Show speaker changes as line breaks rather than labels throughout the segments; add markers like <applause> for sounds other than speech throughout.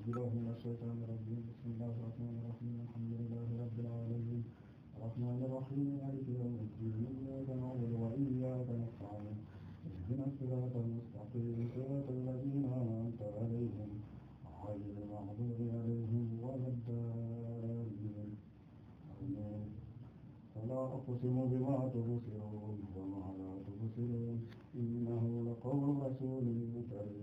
أعوذ بالله من الشيطان الرجيم بسم الله الرحمن الرحيم الحمد لله رب العالمين الرحمن الرحيم مالك يوم الدين إياك نعبد وإياك نستعين اهدنا الصراط المستقيم صراط الذين أنعمت عليهم غير المغضوب عليهم ولا الضالين آمين فلا أقسم بما تبصرون وما لا تبصرون إنه لقول رسول كريم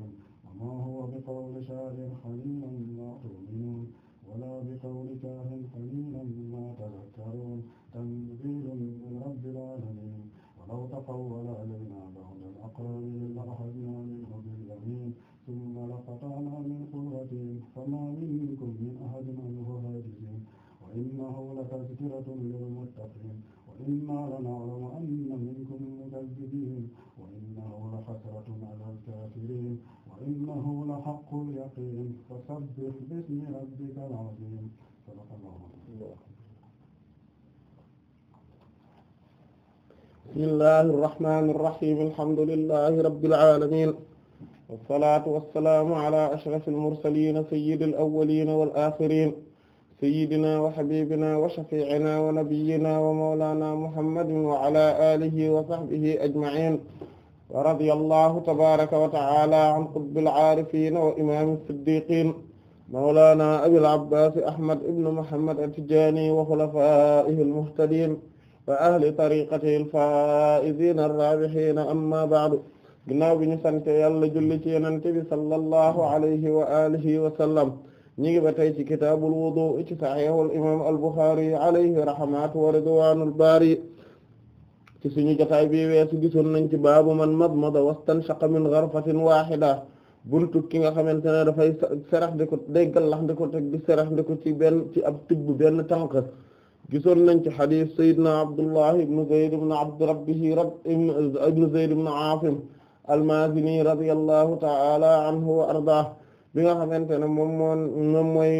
ما هو بقول شاعر قليلا ما تؤمنون ولا بقول كاهن قليلا ما تذكرون تنزيل من رب العالمين ولو تقول علينا بعض الأقاويل لأخذنا منه باليمين ثم لقطعنا من قوتهم فما منكم من أحد عنه هاجزين وإنه لتذكرة للمتقين وإنا لنعلم أن منكم مكذبين وإنه لحسرة على الكافرين wa innahu la haqqul yaqiin fasabbih bismi rabbikal aziim
bismillahi irrahmani irrahim alhamdulillahi rabbil aalamiin wassalaatu wassalaamu alaa ashrafil mursaliin sayyidil awwaliin wal aaxiriin sayyidinaa wa habiibinaa wa shafiicinaa wa nabiyyinaa wa mawlaanaa muhammadin wa alaa aalihi wa sahbihi ajmaciin radiyallahu tabaraka wa taala an qutbil aarifin wa imami siddiqin mawlana abil abbas ahmad ibn muhammad at-tijani wa xulafaihi almuhtadin wa ahli tariqatihi alfaizina arrabihina amma baadu ginnaaw bi ñu sante yàlla julli ci yenante bi sallallahu alayhi wa alihi wa sallam ñi ngi ba tey ci kitaabul wudu ci saxiixul imam al buxaari alayhi rahmatu wa ridwaanul baari ci suñu jotaay bi weesu gisoon nañ ci baabu man madmada wastanshaqa min gharfatin wahida buntu ki nga xamante ne dafay serex di ko day gallax di ko teg di serax ci benn ci ab tibb benn tànk gisoon nañ ci xadiis sayyidina abdullah ibn zayd ibn abd rabbihi rab ibn zayd ibn aasim almazini radiyallahu ta'ala anhu wa ardaah bi nga xamante ne moom moon moom mooy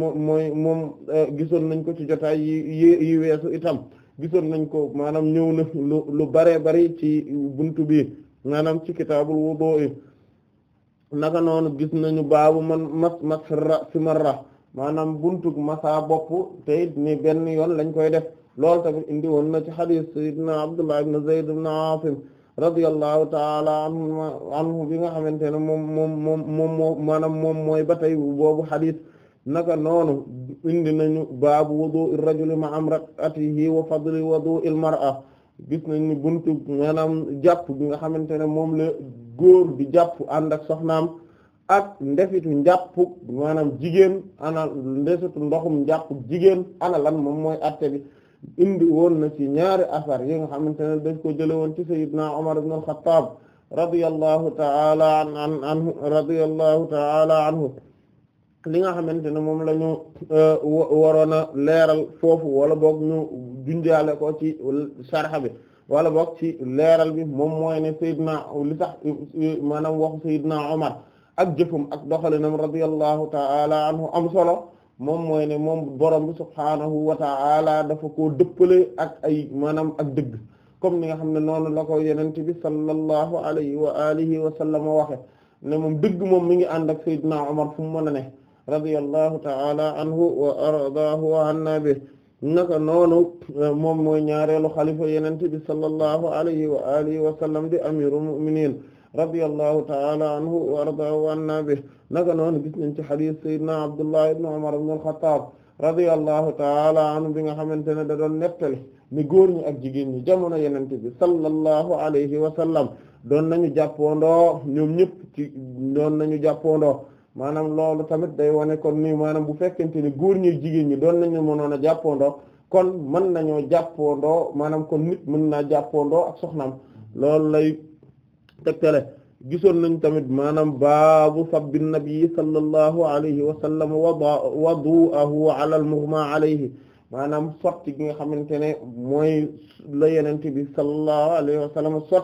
moom mooy moom eh, gisoon nañ ko ci jotaay yi yi weesu itam gisoon nañ ko maanaam ñëw na lu lu bare bari ci buntu bi maanaam ci kitaabul wudu naka noonu gis nañu baabu man mas mas si marra maanaam buntu masa bopp te ni benn yoon lañ koy def loolu tamit indi woon na ci xadiis sayyidina Abdullah ibn Zayd ibn Aasim radiyallahu taala anhu bi nga xamante ne moom moom mooy ba tey boobu xadiis naka noonu indi nañu baabu wudu'ir rajuli ma'a imra'atihi wa fadli wudu'il mar'a gis nañu buntu maanaam jàpp bi nga xamante ne moom la góor ànd ak soxnaam ak ndefitu njàpp maanaam jigéen ana ndefitu ndoxum njàpp jigéen ana lan moom mooy atte bi indi woon na ci ñaari asar yi nga xamante ne dañ ko jële woon ci sayyidna Umar ibn al-Khattab radiyallahu ta'ala an anhu radiyallahu ta'ala anhu li nga xamante ne moom lañu ñu euh, waroon a leeral foofu wala boog ñu junjaale ko ci sarxa bi wala boog ci leeral bi moom mooy ne Seydina li tax maanaam waxu Seydina Omar ak jëfum ak doxalinam radiyallahu ta'ala anhu am solo moom mooy ne moom borom bi subhaanahu wa ta'ala dafa koo dëppale ak ay maanaam ak dëgg comme ni nga xam ne noonu la ko yenente bi sallallahu alayhi wa alihi wa sallam waxe ne moom dëgg moom mi ngi ànd ak Seydina Omar fu mu mën a ne radiyallahu ta'ala anhu wa ardaahu wa anna naka noonu moom mooy ñaareelu xalifa yenente bi sallallahu alayhi wa alihi wa sallam di amirul mu'minin radiyallahu ta'ala anhu wa ardaahu wa anna bi naka noonu gis nañ ci xadiis sayyidina abdullah ibn umar ibn al-khattab radiyallahu anhu bi nga xamante ne da doon nettali ni góor ñi ak jigéen ñi jamono yenente bi sallallahu alayhi wa sallam doon nañu jàppondoo ñoom ñëpp ci doon nañu jàppondoo maanaam loolu tamit day wane kon ni maanaam bu fekkente ni góor ñi jigéen ñi doon nañu noon a jàppandoo kon mën nañoo jàppoondoo maanaam kon nit mën naa jàppoondoo ak soxnaam loolu lay tegtale gisoon nañ tamit maanaam baabu sabbi nabi sallallahu alayhi wa sallam wada wadu'ahu ala al-mughma alayhi maanaam sotti gi nga xamante ne mooy la yenente bi sallallahu alayhi wa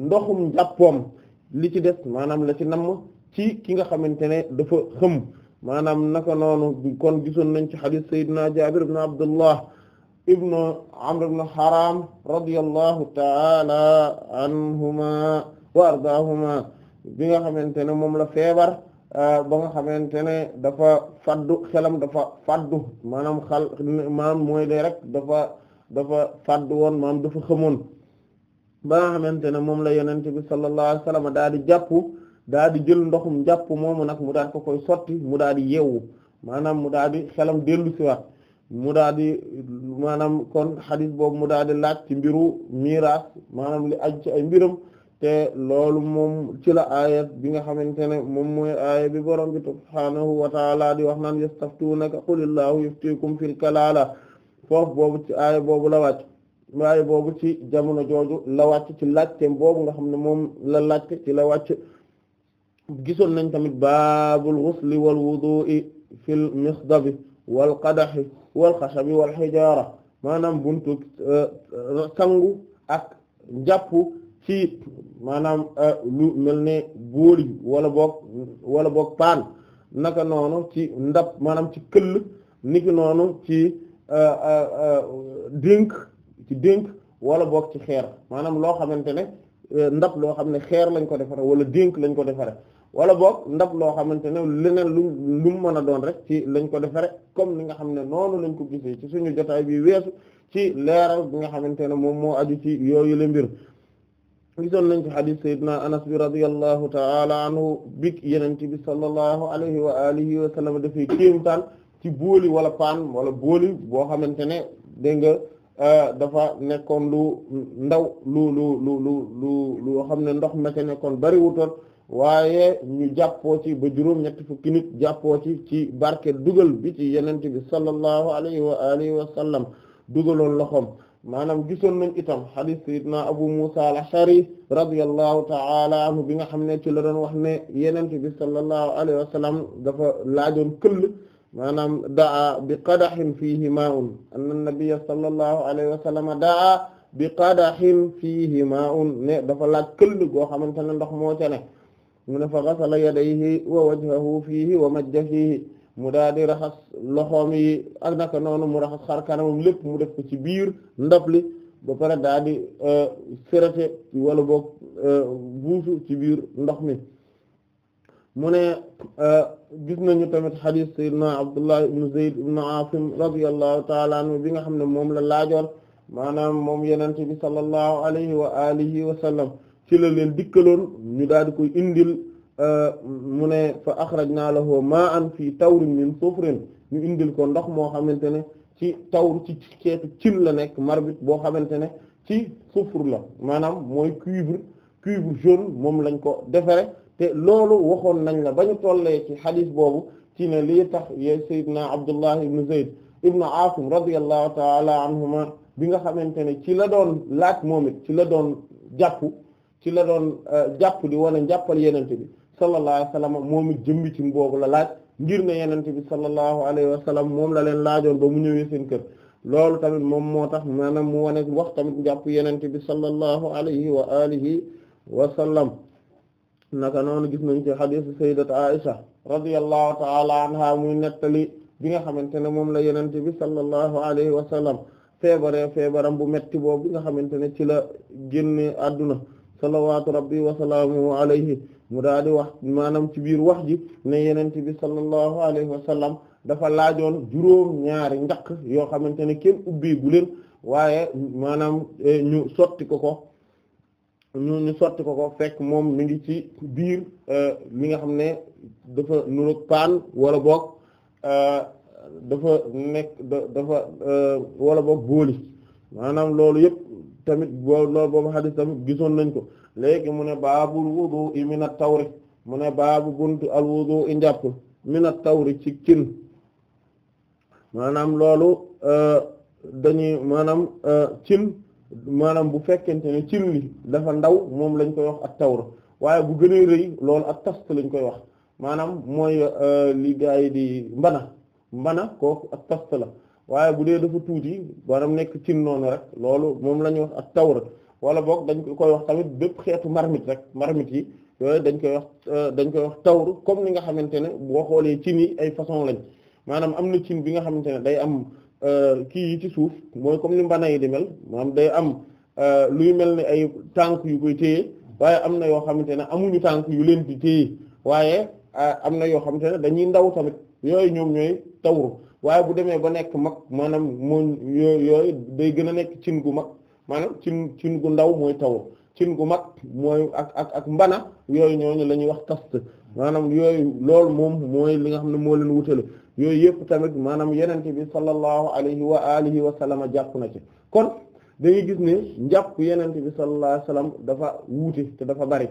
ndoxum jàppoom li ci des maanaam la ci namm ci ki nga xamante ne dafa xëm maanaam naka noonu kon gisoon nañ ci hadith sayyidina Jabir ibn Abdullah ibn Amr ibn Haram radiyallahu ta'ala anhuma wa ardaahuma bi nga xamante ne moom la feebar euh, ba nga xamante ne dafa faddu xelam dafa faddu maanaam xal mooy de rek dafa faddu woon maanaam dafa xamoon ba nga xamante ne moom la yonent bi sallallahu alayhi wasallam daal di jàpp daa di jël ndoxum jàpp moomu nag mu daal ko koy sotti mu daal di yeewu maanaam mu daal di xelam dellu siwaat mu daal di maanaam kon xadis boobu mu daal di laaj ci mbiru miraas maanaam li aju ay mbiram te loolu moom ci la aayat bi nga xamante ne moom mooy aaya bi borom bi subhaanahu wa taala di wax naan yastaftuunaka qulillaahu yuftiikum fil kalaala foofu boobu ci aaya boobu la wàcc aaya boobu ci jamono jooju la wàcc ci laajteem boobu nga xam ne moom la laajte ci la wàcc gisoon nañ tamit baabul ghusli wal wudu'i fil misdabi wal qadahi wal xashabi wal xijaara maanaam buntu euh, sangu ak jàpp ci maanaam euh, mel ni booli wala boog wala boog paan naka noonu ci ndab maanaam ci këll niki noonu ci euh, dénk ci dénk wala boog ci xeer maanaam loo xamante ne Euh, ndab loo xam ne xeer lañ ko defaree wala dénk lañ ko defare wala boog ndab loo xamante ne leneen lu lu mu mën a doon rek ci lañ ko defare comme li nga xam ne noonu lañ ko gisee ci suñu jotaay bi weesu ci leeral bi nga xamante ne moom moo aju ci yooyu le mbir gisoon nañ ci xadis sayyidina anas bi radiyallahu taala anhu big yeneen bi sallallahu alayhi wa alihi wa sallam dafay kéemtaan ci booli wala paan wala booli boo xamante ne dégg nga Euh, dafa nekkoon lu ndaw lu lu lu lu lu lu xam ne ndox ma ca nekkoon bariwutoon waaye ñu jàppoo ci ba juróom ñetti fukki nit jàppoo ci ci barke dugal bi ci yenente bi sallallahu alayhi wa alihi wa sallam dugaloon loxoom maanaam gisoon nañ itam hadis sayidna abu musa al-ashari radiyallahu ta'ala bi nga xam ne ci la doon wax ne yenente bi sallallahu alayhi wa sallam dafa laajoon kël maanaam daa bi qadaxin fiihi maa'un anna nabiyya sallallahu alayhi wa daa bi qadaxin fiihi maa'un ne dafa laaj këll goo xamante ne ndox moo ca mu ne fa ghasala yadayhi wa wajhahu fiihi wa majja fiihi mu daal di raxas loxoom yi ak noonu mu raxas xar kanamam lépp mu def ko ci biir ndab li ba pare daal di euh, sérate wala boog euh, buusu ci biir ndox mi mu ne euh, gis nañu tamit xadis sayyidina Abdullah ibn Zayd ibn Asim radiyallahu ta'ala anhu bi nga xam ne moom la laajoon maanaam moom yenente bi sallallahu alayhi wa alihi wa sallam ci la leen dikkaloon ñu daal di koy indil euh, mu ne fa akhrajna lahu ma'an fii tawrin min sufrin ñu indil ko ndox moo xamante ne ci tawr ci ceetu cin la nekk marbit boo xamante ne ci sufur la maanaam mooy cuivre cuivre jaune moom lañ ko defere te loolu waxoon nañ la ba ñu tollee ci xadis boobu ci ne lii tax ye sayyidna Abdullah ibn Zayd ibn Asim radiyallahu ta'ala anhuma bi nga xamante ne ci la doon laaj moom it ci la doon jàpp ci la doon euh, jàpp di wane jàppal yenente bi sallallahu alayhi wa moom it jëmbi ci boobu la laaj ngir ne yenente bi sallallahu alayhi wa sallam moom la leen laajoon ba mu ñëwee seen kër loolu tamit moom moo tax maanaam mu wax tamit jàpp yenente bi sallallahu alayhi wa alihi wa sallam naka noonu gis nañ ci xadiisu sayyidat Aisha radiyallahu ta'ala anha muy nettali bi nga xamante ne moom la yenente bi sallallahu alayhi wa sallam feebare feebaram bu metti boobu bi nga xamante ne ci la génne àdduna salawaatu rabbi wa salaamuhu alayhi mu daal di wax maanaam ci biir wax ji ne yenente bi sallallahu alayhi wa sallam dafa laajoon juróom ñaari njaq yoo xamante ne kenn ubbi gu waaye maanaam eh, ñu sotti ko ko ñu ñu sotti ko ko fekk moom mu ngi ci biir euh, li nga xam ne dafa nuroog paan wala boog euh, dafa nekk dafa euh, wala boog booli maanaam loolu yëpp tamit boo loolu boobu xadis tamit gisoon nañ ko léegi mu ne baabul wudu min at-tawri mu ne baabu bunt al wudu i njàpp min at-tawri ci cin maanaam loolu dañuy maanaam cin maanaam bu fekkente ne cin li dafa ndaw moom lañ koy wax ak tawra waaye bu gën a rëy loolu ak tast lañ koy wax maanaam mooy euh, li gaa yi di mbana mbana kooku ak tast la waaye bu dee dafa tuuti maanaam nekk cin noonu rek loolu moom la ñuy wax ak tawra wala boog dañ koy wax tamit bépp xeetu marmit rek marmite yi yooyu dañ koy wax euh, dañ koy wax tawr comme ni nga xamante ne boo xoolee cin yi ay façon lañ maanaam am na cin bi nga xamante ne day am Euh, kii yi ci suuf mooy comme li mbana yi di mel maanaam day am euh, luy mel ni ay tànk yu koy téye waaye am na yoo xamante ne amuñu tànk yu leen di téye waaye euh, am na yoo xamante ne dañuy ndaw tamit yooyu ñoom ñooy tawru waaye bu demee ba nekk mag maanaam moo yooyu day gën a nekk cin gu mag maanaam cin cin gu ndaw mooy tawru cin gu mag mooy ak ak ak mbana yooyu ñooñu la ñuy wax kast maanaam yooyu loolu moom mooy li nga xam ne moo leen wutale yooyu yëpp tamit maanaam yenente bi sallallahu alayhi wa alihi wa sallam jàpp na ci kon dañuy gis ni njàpp yenente bi sallallahu alayhi wa dafa wuute te dafa bari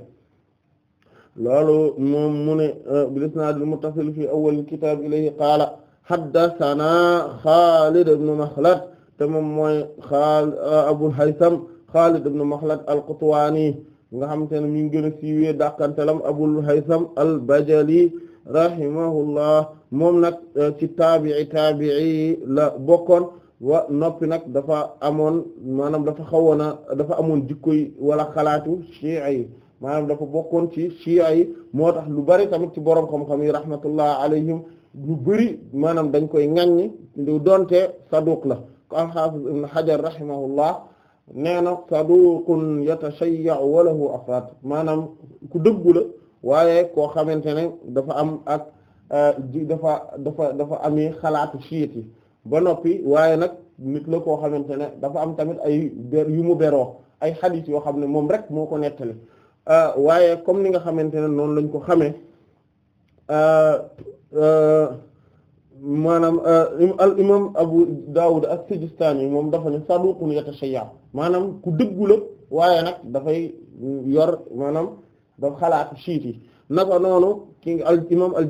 loolu moom mu ne uh, bil muttasil fi awwalil kitaab ilayhi qaala haddasanaa Xaalid ibn Maxlad te moom mooy xaal uh, Abul Haytham Xaalid ibn Maxlad al-Qutwaani nga xam te ne mi ngi gën a siiwee dàqanteelam Abul Haytham al-Bajali rahimahullah moom nag euh, ci taabii taabii la bokkoon wa noppi nag dafa amoon maanaam dafa xawoon a dafa amoon jikkoy wala xalaatu shi'a yi maanaam dafa bokkoon ci shi'a yi moo tax lu bari tamit ci borom xam-xam yi rahmatullah alayhim lu bari maanaam dañ koy ŋaññi lu donte saduq la ko al-Hafiz ibn Hajar rahimahullah nee na saduqun yatashayya walahu afraad maanaam ku dëggu waaye koo xamante ne dafa am ak Euh, dafa dafa dafa amee xalaatu chiite yi ba noppi waaye nag nit la koo xamante ne dafa am tamit ay ber yu mu beroo ay xadiis yoo xam ne moom rek moo ko nettali euh, waaye comme ni nga xamante ne noonu lañ ko xamee euh, maanaam al imam Abu ak as yi moom dafa ne saduqun yatashayya maanaam ku dëggu la waaye nag dafay yor maanaam dafa xalaatu chiite yi naka noonu ki al imam al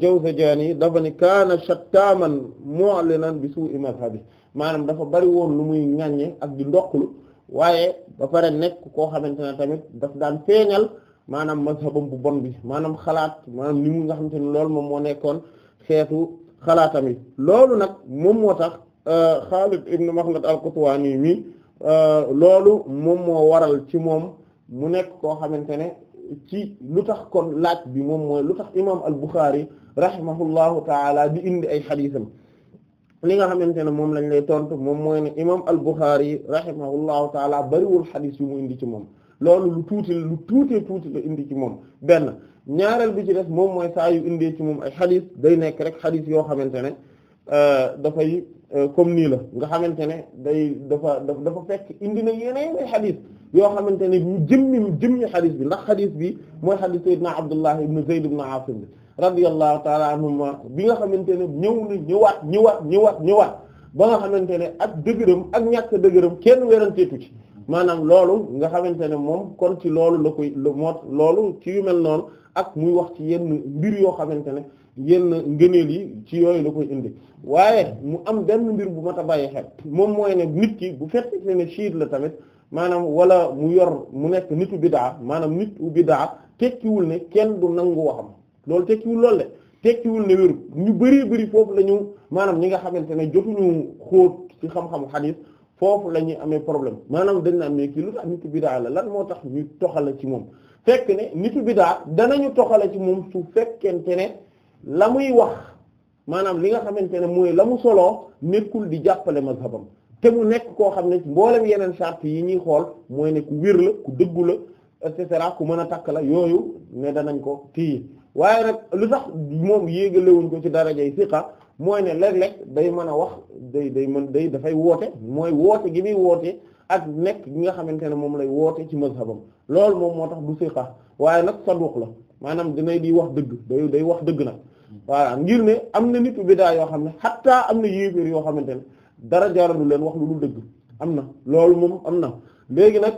Jawzajani dafa ni kaana shattaman mu'linan bi su'i madhhabi maanaam dafa bari woon lu muy ŋàññe ak di ndoqlu waaye ba pare nekk koo xamante ne tamit daf daan feeñal maanaam mazhabam bu bon bi maanaam xalaat maanaam ni mu nga xamante ne loolu moom moo nekkoon xeetu xalaatam yi loolu nag moom moo tax euh, Xaalid ibn Maxlad al-Qutwaani mi euh, loolu moom moo waral ci moom mu nekk koo xamante ne ci lu tax kon laaj bi moom mooy lu tax imaam al-Bukhari rahimahullahu taala bi indi ay xadiisam li nga xamante ne moom lañ lay tontu moom mooy ne imaam al-Bukhari rahimahullahu taala bariwul xadiis yu mu indi ci moom loolu lu tuuti lu tuutee tuuti la indi ci moom benn ñaareel bi ci def moom mooy saa yu indee ci moom ay xadiis day nekk rek xadiis yoo xamante ne euh, dafay. Euh, comme nii la nga xamante ne day dafa dafa fekk indi na yeneen ay yoo xamante ne ñu jëmmi jëmmi xadis bi ndax xadis bi mooy xadis sayyidina Abdullah ibn Zayd ibn Asim bi radiyallahu ta'ala anhuma bi nga xamante ne ñëw na ñëwaat ñëwaat ñëwaat ñëwaat ba nga xamante ne ak dëgëram ak ñàkk dëgëram kenn weranteetu ci maanaam loolu nga xamante ne moom kon ci loolu la koy moo loolu ci yu mel noonu ak muy wax ci yenn mbir yoo xamante ne yenn ngëneel yi ci yooyu la koy indi waaye mu am benn mbir bu mat a bàyyi xel moom mooy ne nit ki bu fekkee ne chiite la tamit maanaam wala mu yor mu nekk nitu bidaa maanaam nit u bidaa tekkiwul ne kenn du nangu waxam loolu tekkiwul loolu le tekkiwul ne wéru ñu bëree bari foofu lañu maanaam ñi nga xamante ne jotuñu xóot ci xam-xamu xadiis foofu la ñuy amee problème maanaam dañ na amee kii lu tax nitu bidaa la lan moo tax ñu toxala ci moom fekk ne nitu bidaa ñu toxala ci moom su fekkente ne la muy wax maanaam li nga xamante ne mooy la mu soloo nekkul di jàppale mazhabam te mu nekk koo xam ne mboolem yeneen charte yi ñuy xool mooy ne ku wér la ku dëggu la et cetera ku mën a takk la yooyu ne danañ ko tii waaye nag lu tax moom yéegalewuñ ko ci darajay siqa mooy ne léeg-léeg day mën a wax day day mën day dafay woote mooy woote gi muy woote ak nekk gi nga xamante ne moom lay woote ci mazhabam loolu moom moo tax du siqa waaye nag saduq la maanaam dinay di wax dëgg day wax dëgg nag waaw ngir ne am na nitu biddaa yoo xam ne xattaa am na yéeféer yoo xamante ne dara jaralu leen wax lu dul dëgg am na loolu moom am na léegi nag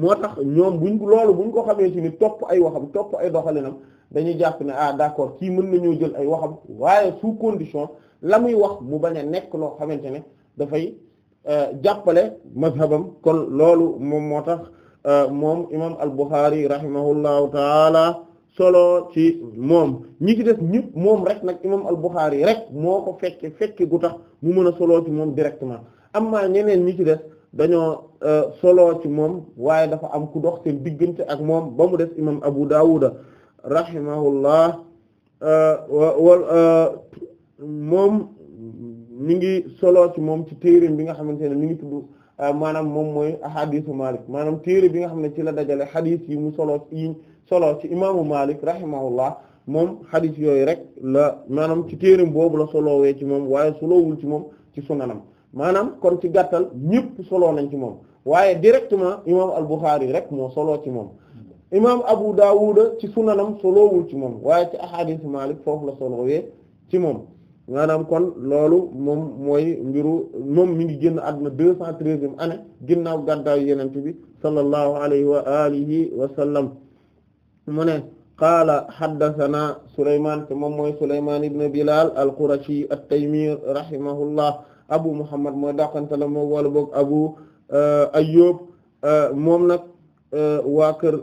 moo tax ñoom buñ loolu buñ ko xamee ci ni topp ay waxam topp ay doxalinam dañuy jàpp ne ah d'accord kii mën nañoo jël ay waxam waaye sous condition la muy wax mu bañ a nekk loo xamante ne dafay euh, jàppale mazhabam kon loolu moom moo tax euh, moom imam al-Bukhari rahimahullahu taala solo ci moom ñi ci des ñi moom rek nag imam al-Bukhari rek moo ko fekke fekke gu tax mu mën a solo ci moom directement am amma ñeneen ñi ci des dañoo euh, solo ci moom waaye dafa am ku dox seen diggante ak moom ba mu des imam Abu Dawuda rahimahullah euh, wal euh, moom mi ngi solo ci moom ci téereem bi nga xamante ne mi ngi tudd maanaam moom mooy ahadisu Malik maanaam téere bi nga xam ne ci la dajale hadith yi mu solo yi solo ci imaamu Malik rahimahullah moom xadis yooyu rek la maanaam ci téeram boobu la solowee ci moom waaye solowul ci moom ci sunanam maanaam kon ci gàttal ñëpp solo nañ ci moom waaye directement imaam al-Bukhari rek moo solo ci moom imaam Abu Dawud ci sunanam solowul ci moom waaye ci ahadis Malik foofu la solowee ci moom maanaam kon loolu moom mooy mbiru moom mi ngi génn àdduna deux cent treizième année ginnaaw gàddaayu yenente bi sallallahu alayhi wa alihi wa sallam mu ne qaala haddathana Souleymane te moom mooy Souleymane ibn Bilal al-Qurashi at-Taymi rahimahullah abu Muhammad mooy dàqantala moom wala boog abu euh, Ayyub euh, moom nag euh, waa kër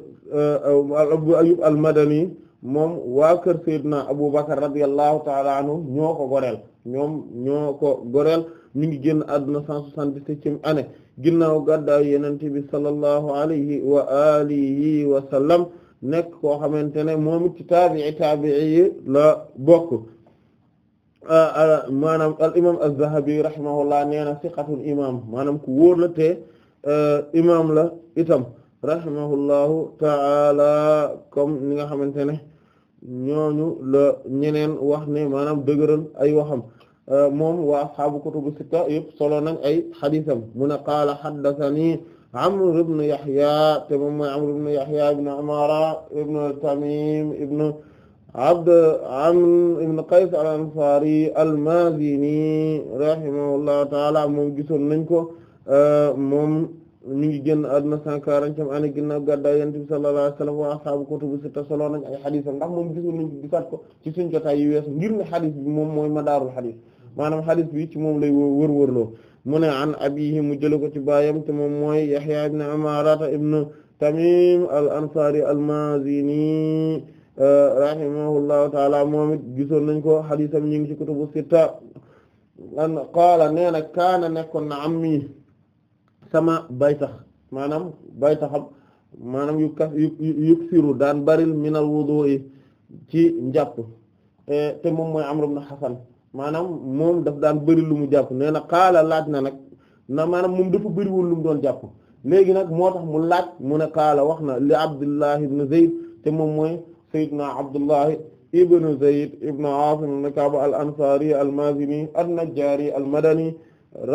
abu Ayyub al-Madani moom waa kër Seydina Abu Bakr radiyallahu ta'ala anhu ñoo ko goreel ñoo ko goreel mi ngi génn àdduna 177e année ginnaaw gàddaay Yonent bi sallallahu alayhi wa alihi nekk koo xamante ne moom it ci taabi'i taabi'i yi la bokk maanaam al imam az-Zahabi rahimahullah nee na siqatul imam maanaam ku wóor la te e, imam la itam rahimahullahu ta'ala comme ni nga xamante ne ñooñu la ñeneen wax ne maanaam dëgëral ay waxam e, moom waa ashaabu kutubu sitta yëpp solo nañ ay xadiisam mu ne qaala haddathani Amr ibn Yahya te moom mooy Amr ibn Yahya ibn Umara ibn Tamim ibn Abd Amr ibn Qays al-Ansari al-Mazini rahimahullahu ta'ala moom gisoon nañ ko euh, moom mi ngi génn àdduna 140 ani ginnaaw gàddaay Yonent bi sallallahu alayhi wa sallam wa ashaabu kutubu sitta solo ay xadisam ndax moom gisoon nañ gisaat ko ci suñu jotaay yu ngir ne xadis bi moom mooy madaarul xadis maanaam xadis bi ci moom lay wër wërloo mu ne an abihi mu jële ko ci baayam te moom mooy Yahya ibn Umarata ibn Tamim al-Ansari al-Mazini euh, rahimahullahu taala moom it gisoon nañ ko hadiisam ñu ngi ci kutubu sitta an qaala nee na kaana nekkoon na ammi sama baytax maanaam baytaxam maanaam yu kas yuksiru daan baril minal wudu'i ci njàpp te moom mooy Amr ibn Hasan maanaam moom daf daan bëri lu mu jàpp nee na xaala laaj na nag na maanaam moom dafa bëri woon lu mu doon jàpp léegi nag moo tax mu laaj mu ne xaala wax na li Abdullahi ibn Zayd te moom mooy Seydina Abdullahi ibn Zayd ibn Aasim ibn Ka'b al-Ansaari al-Maazini an-Najjaari al-Madani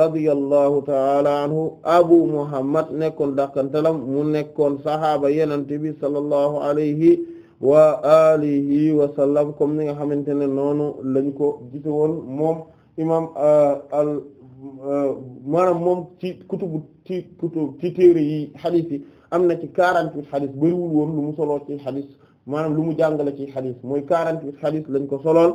radiyallahu taala anhu Abu Muhammad nekkoon dàqantalam mu nekkoon saxaaba yenante bi sallallahu alayhi wa alihi wa sallam comme ni nga xamante ne noonu lañ ko gise woon moom imam euh, al euh, maanaam moom ci kutubu ci kutub ci téere yi xadis yi am na ci quarante-huit xadis bariwul woon lu mu soloo ci xadis maanaam lu mu jàngale ci xadis mooy quarante-huit xadis lañ ko solool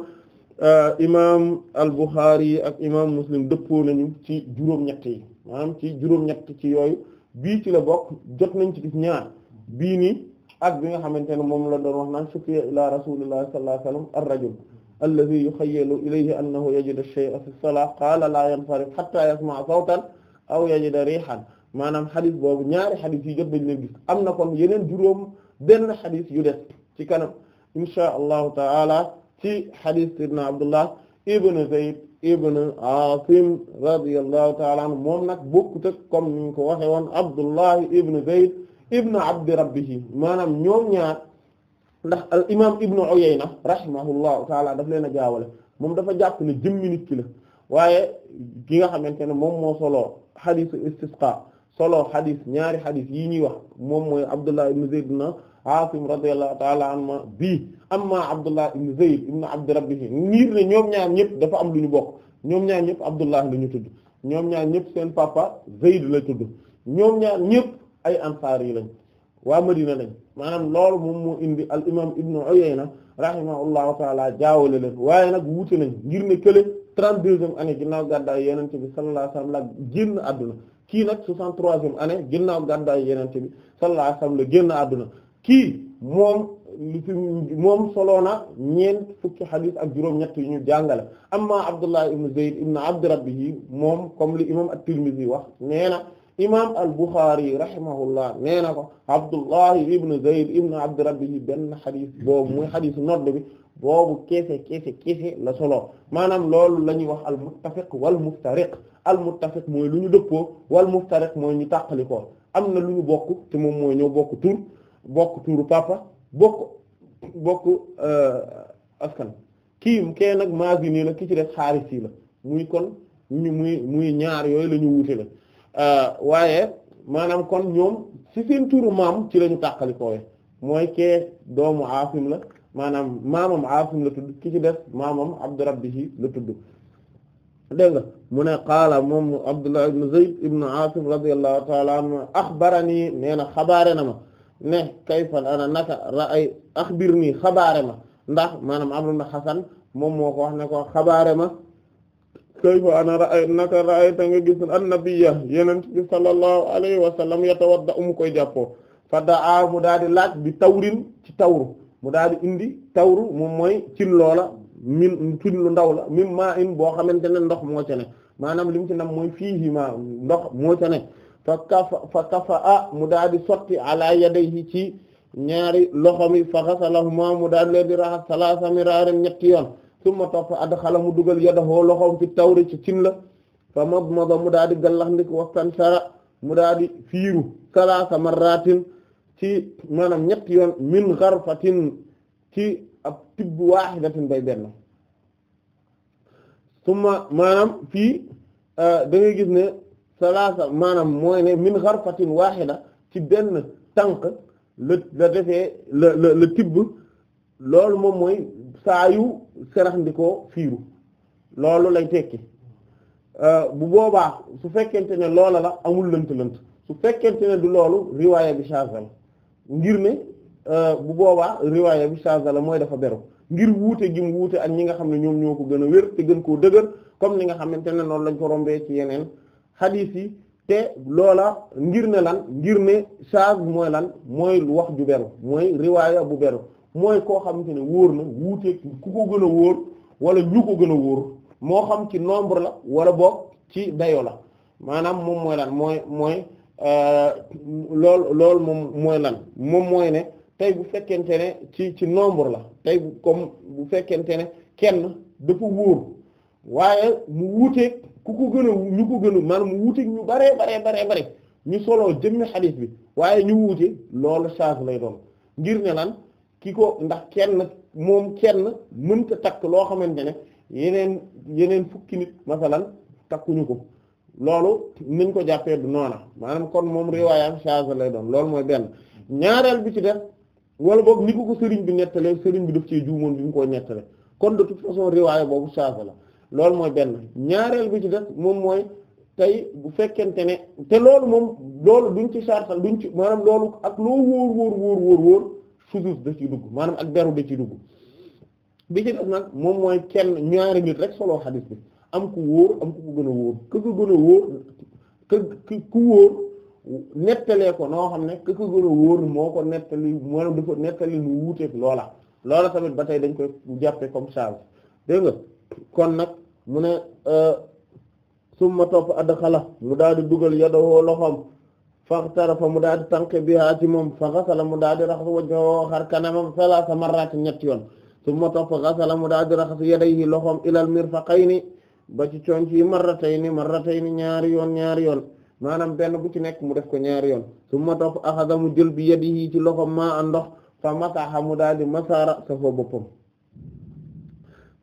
euh, imam al Bukhari ak imam Muslim dëppoo nañu ci juróom-ñett yi maanaam ci juróom-ñett ci yooyu bii ci la bokk jot nañ ci gis ñaar bii nii ak bi nga xamante ne moom la doon wax naan shukiya ila rasulillahi sallallahu alayhi wasallam ar-rajul alladhi yukhayyalu ilayhi annahu yajidu shay'an fi salah qala la yanfarif hatta yasma'a sawtan aw yajida rihan maanaam xadis boobu ñaari xadis yi jot dañ leen gis am na kon yeneen juróom benn xadis yu des ci kanam insha allahu taala ci xadis sidna abdullah ibn zayd ibn asim radiyallahu taala anhu moom nag bokkut ak comme niñ ko waxe woon abdullah ibn zayd ibn abdi rabbihi maanaam ñoom ñaar ndax al imam ibnu uyayna rahimahullahu taala daf leen a jaawale moom dafa jàpp ne jëmmi nit ki la waaye ki nga xamante ne moom moo soloo xadisu istisqa soloo xadis ñaari xadis yi ñuy wax moom mooy abdullah ibn zayd na asim radiyallahu taala anhuma bii amma abdullah ibn zayd ibn abdi rabbihi niir ne ñoom ñaar ñëpp dafa am lu ñu bokk ñoom ñaar ñëpp abdullah la ñu tudd ñoom ñaar ñëpp seen papa zayd la tudd ñoom ñaar ñëpp ay ansaar yi lañ waa Madina lañ maanaam loolu moom moo indi al imam Ibn Uyayna rahimahullahu taala jaawale leen waaye nag wuute nañ ngir ne kële trente-deuxième année ginnaaw gàddaay Yonent bi sallallahu alayhi wasallam la génn àdduna kii nag soixante-troisième année ginnaaw gàddaay Yonent bi sallallahu alayhi wasallam la génn àdduna kii moom moom solo na ñeent fukki xadis ak juróom-ñett yu ñu jàngale amma Abdullah ibn Zayd ibn Abd Rabbih moom comme li imam at-Tirmidhi wax nee imam al Bukhari rahimahullah nee na ko Abdullahi ibn Zayd ibn Abd Rabbihi benn xadis boobu muy xadis nodd bi boobu keese keese keese la solo maanaam loolu la ñuy wax al muttafiq wal muftariq al muttafiq mooy lu ñu dëppoo wal muftariq mooy ñu tàqali ko am na lu ñu bokk te moom mooy ñoo bokk tur bokk turu papa bokk bokk euh, askan kii kee nag Maazini la ki ci def Xaarisi la muy kon ñu muy muy ñaar yooyu la ñu Euh, waaye maanaam kon ñoom ci seen turu maam ci lañu ñu tàqali mooy kee doomu Aasim la maanaam maamam Aasim la tudd ki ci def maamam Abdu Rabbihi la tudd dégg nga mu ne qaala moom Abdullah ibn Zayd ibn Aasim radiyallahu ta'ala anhu axbarani nee na xabaare na ma ne kayfa ana naka ra'ay axbirni xabaare ma ndax maanaam Amr a Hasan moom moo ko wax ne ko xabaare ma kayfa ana naka ra'ayta nga gis annabiyya yeneen bi sallallahu alayhi wa sallam yatawadda mu koy jàppoo fa a mu daal di laaj bi tawrin ci tawru mu daal di indi tawru moom mooy cin loola min cin ndaw la in boo xamante ne ndox moo ca ne maanaam li mu ci nam mooy fiihi ma ndox moo ca ne fa kafa fa kafa a mu daal di sotti ala yadayhi ci ñaari loxo mi fa xasalahuma mu daal leen di salaasa miraaren ñetti yoon summa topp adxala mu dugal yadahu loxoom ci tawri ci cin la fa madmada mu daa di gallax ndik wastansara mu daa di fiiru salaasa marratin ci maanaam ñetti yoon min xarfatin ci ab tibb waaxidatin bay benn summa maanaam fii euh, da ngay gis ne salaasa maanaam mooy ne min xarfatin waaxida ci benn tànk la defee la la tibb loolu moom mooy saayu yu fiiru loolu lay tekki euh, bu boobaa su fekkente ne loola la amul lënt-lënt su te ne du loolu riwaaya bi shazal ngir ne euh, bu boobaa riwaaya bi shazal la mooy dafa beru ngir wuute gi mu wuute ak ñi nga xam ne ñoom ñoo ko gën a wér te gën koo dëgër comme ni nga xamante ne noonu lañ ko rombee ci yeneen hadith yi te loola ngir ne lan ngir ne shaz mooy lan mooy wax ju beru mooy riwaaya bu beru mooy koo xamante ne wóor na wuuteeg ku ko gën a wóor wala ñu ko gën a wóor moo xam ci nombre la wala boog ci dayo la maanaam moom mooy lan mooy mooy euh, lool moom mooy lan moom mooy ne tey bu fekkente ne ci ci nombre la tey comme bu fekkente ne kenn dafa wóor waaye mu wuuteeg ku ko gën a ñu ko gën a maanaam mu wuuteeg ñu baree baree baree bare ñu soloo jëmmi xadiis bi waaye ñu wuute loolu change lay doon ngir ne lan ki ko ndax kenn moom kenn mënta takk loo xamante ne yeneen yeneen fukki nit masalan takkuñu ko loolu nañ ko jàppee du noona maanaam kon moom riwaayam charge lay doon loolu mooy benn ñaareel bi ci def wala boog ni ko ko sëriñ bi nettalee sëriñ bi daf cee juumoon bi mu koy nettalee kon de toute façon boobu charge la loolu mooy benn ñaareel bi ci def moom mooy tey bu fekkente ne te loolu moom loolu duñ ci charge duñ ci maanaam loolu ak loo wóor wóor wóor wóor wóor sujus da ci dugg maanaam ak beru da ci dugg bi ci def nag moom mooy kenn ñaari nit rek solo xadis bi am ku wóor am ku ko gën a wóor ku ku wóor nettalee ko noo xam ne ku ko gën a wóor moo ko nettali maanaam dafa nettali lu wuuteeg loola loola tamit ba tey dañ koy jàppee comme charge dégg nga kon nag mu ne euh, suma topp adxala mu daal di dugal yadowoo loxoom faxtarafa mu daal di tànq bihaa ci moom fa xasala mu daal di raxas wajhahu xar kanamam salaasa marrat ñetti yoon summa topp xasala mu daal di raxas yadayhi loxoom ilal mirfaqayni ba ci conc yi marratayni ni ñaari yoon ñaari yoon maanaam benn bu ci nekk mu def ko ñaari yoon summa topp axada mu jël bi yadihi ci loxoom maa a ndox fa masaha mu daal di masaara sa fa boppam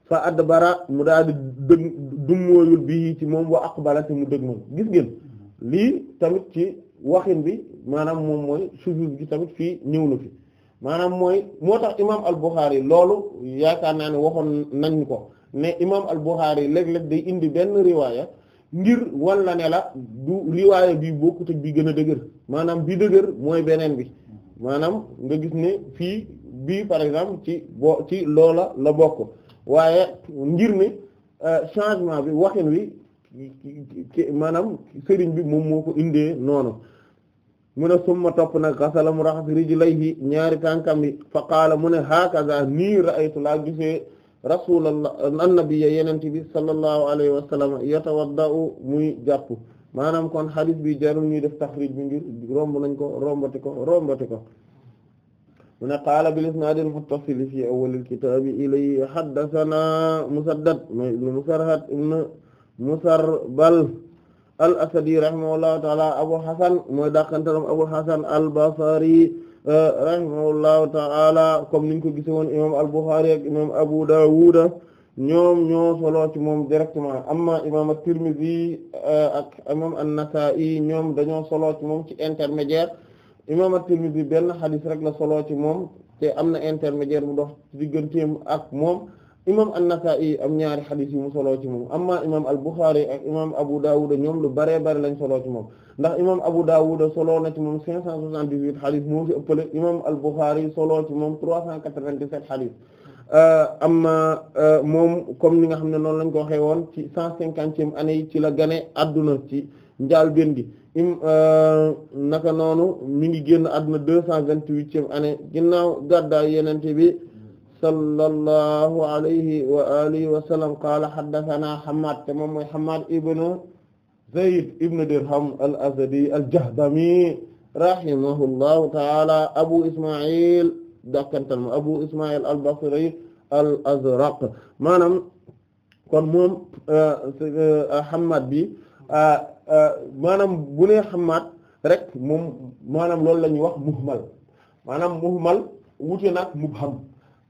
fa adbara mu daal di dëg dummóoyul bii ci moom wa aqbala ci mu dëg moom gis ngeen waxin bi maanaam moom mooy sujud gi tamit fii ñëw na fi maanaam mooy moo tax imaam al-Bukhari loolu yaakaar naa ne waxoon nañ ko ne imaam al-Bukhari léeg-léeg day indi benn riwaaya ngir wan la ne la du riwaaya bi bokkut bi gën a dëgër maanaam bi dëgër mooy beneen bi maanaam nga gis ne fii bii par exemple ci bo ci loola la bokk waaye ngir ne euh, changement bi waxin wi maanaam sëriñ bi moom moo ko indee noonu mu ne summa topp nag xasala mu raxas rijlayhi ñaari tànkam yi fa qaala mu ne hakaza nii ra'aytu laa gisee rasulallah annabiyya yenente bi sallallahu alayhi wa sallam yatawadda'u muy jàpp maanaam kon hadith bi jarul ñuy def taxrij bi ngir romb nañ ko rombati ko rombati ko mu ne qaala bil isnaad al muttasil fi awwal al kitaab ilayhi haddathana musaddad ibn musarhad ibn musarbal al asadi rahimahullahu taala Abu Hasan mooy dàqantalam Abu Hasan al Basri eh, rahimahullahu taala comme niñ ko gise woon imam al Bukhari ak imam Abu Dawud ñoom ñoo solo ci moom directement amma imam at-Tirmidhi eh, ak imam an-Nasa'i ñoom dañoo solo ci moom ci intermédiaire imam at-Tirmidhi benn xadis rek la solo ci moom te am na intermédiaire bu dox digganteem ak moom imam an-Nasa'i am ñaari xadis yu mu soloo ci moom amma imam al-Bukhari ak imam Abu Dawud ñoom lu baree bare lañ soloo ci moom ndax imam Abu Dawud soloo na ci moom 578 xadis moo fi ëppale imam al-Bukhari soloo ci moom 397 xadis euh, amma euh, moom comme ni nga xam ne noonu lañ ko waxee woon ci 150e année yi ci la gane adduna ci njàlbéen gi im euh, naka noonu mi ngi génn adduna 228e année ginnaaw gàddaay Yonent bi sallallahu alayhi wa alihi wa sallam qaala haddathana Hammad te moom mooy Hammad ibn Zayd ibn Dirham al-Azdi al-Jahdami rahimahullahu ta'ala Abu Isma'il dàqantal ma Abu Isma'il al-Basri al-Azraq maanaam kon moom euh, euh, Hammad bi euh, maanaam bu nee Hammad rek moom maanaam loolu la ñuy wax muhmal maanaam muhmal wuute nag mubham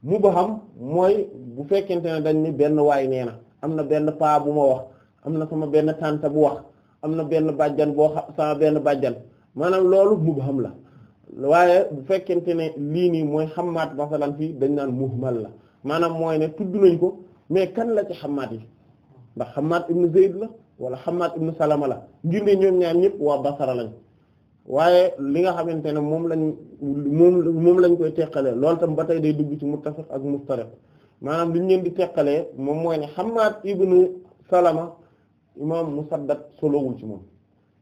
mubham mooy bu fekkente ne dañ ni benn waay nee na am na benn paa bu ma wax am na sama benn tànta bu wax am na benn bàjjan boo xam sama benn bàjjan maanaam loolu mubham la waaye bu fekkente ne lii nii mooy xamaat masalan fii dañ naan muhmal la maanaam mooy ne tudd nañ ko mais kan la ci xamaat yi ndax xamaat ibnu Zayd la wala xamaat ibnu Salama la ngir ne ñoom ñaar ñëpp waa Basra waaye li nga xamante ne moom lañu moom moom lañ koy teqalee loolu tam ba tey day dugg ci muttafiq ak muftariq maanaam li ñu leen di teqalee moom mooy ne Hammaad ibnu Salama imaam Musaddad solowul ci moom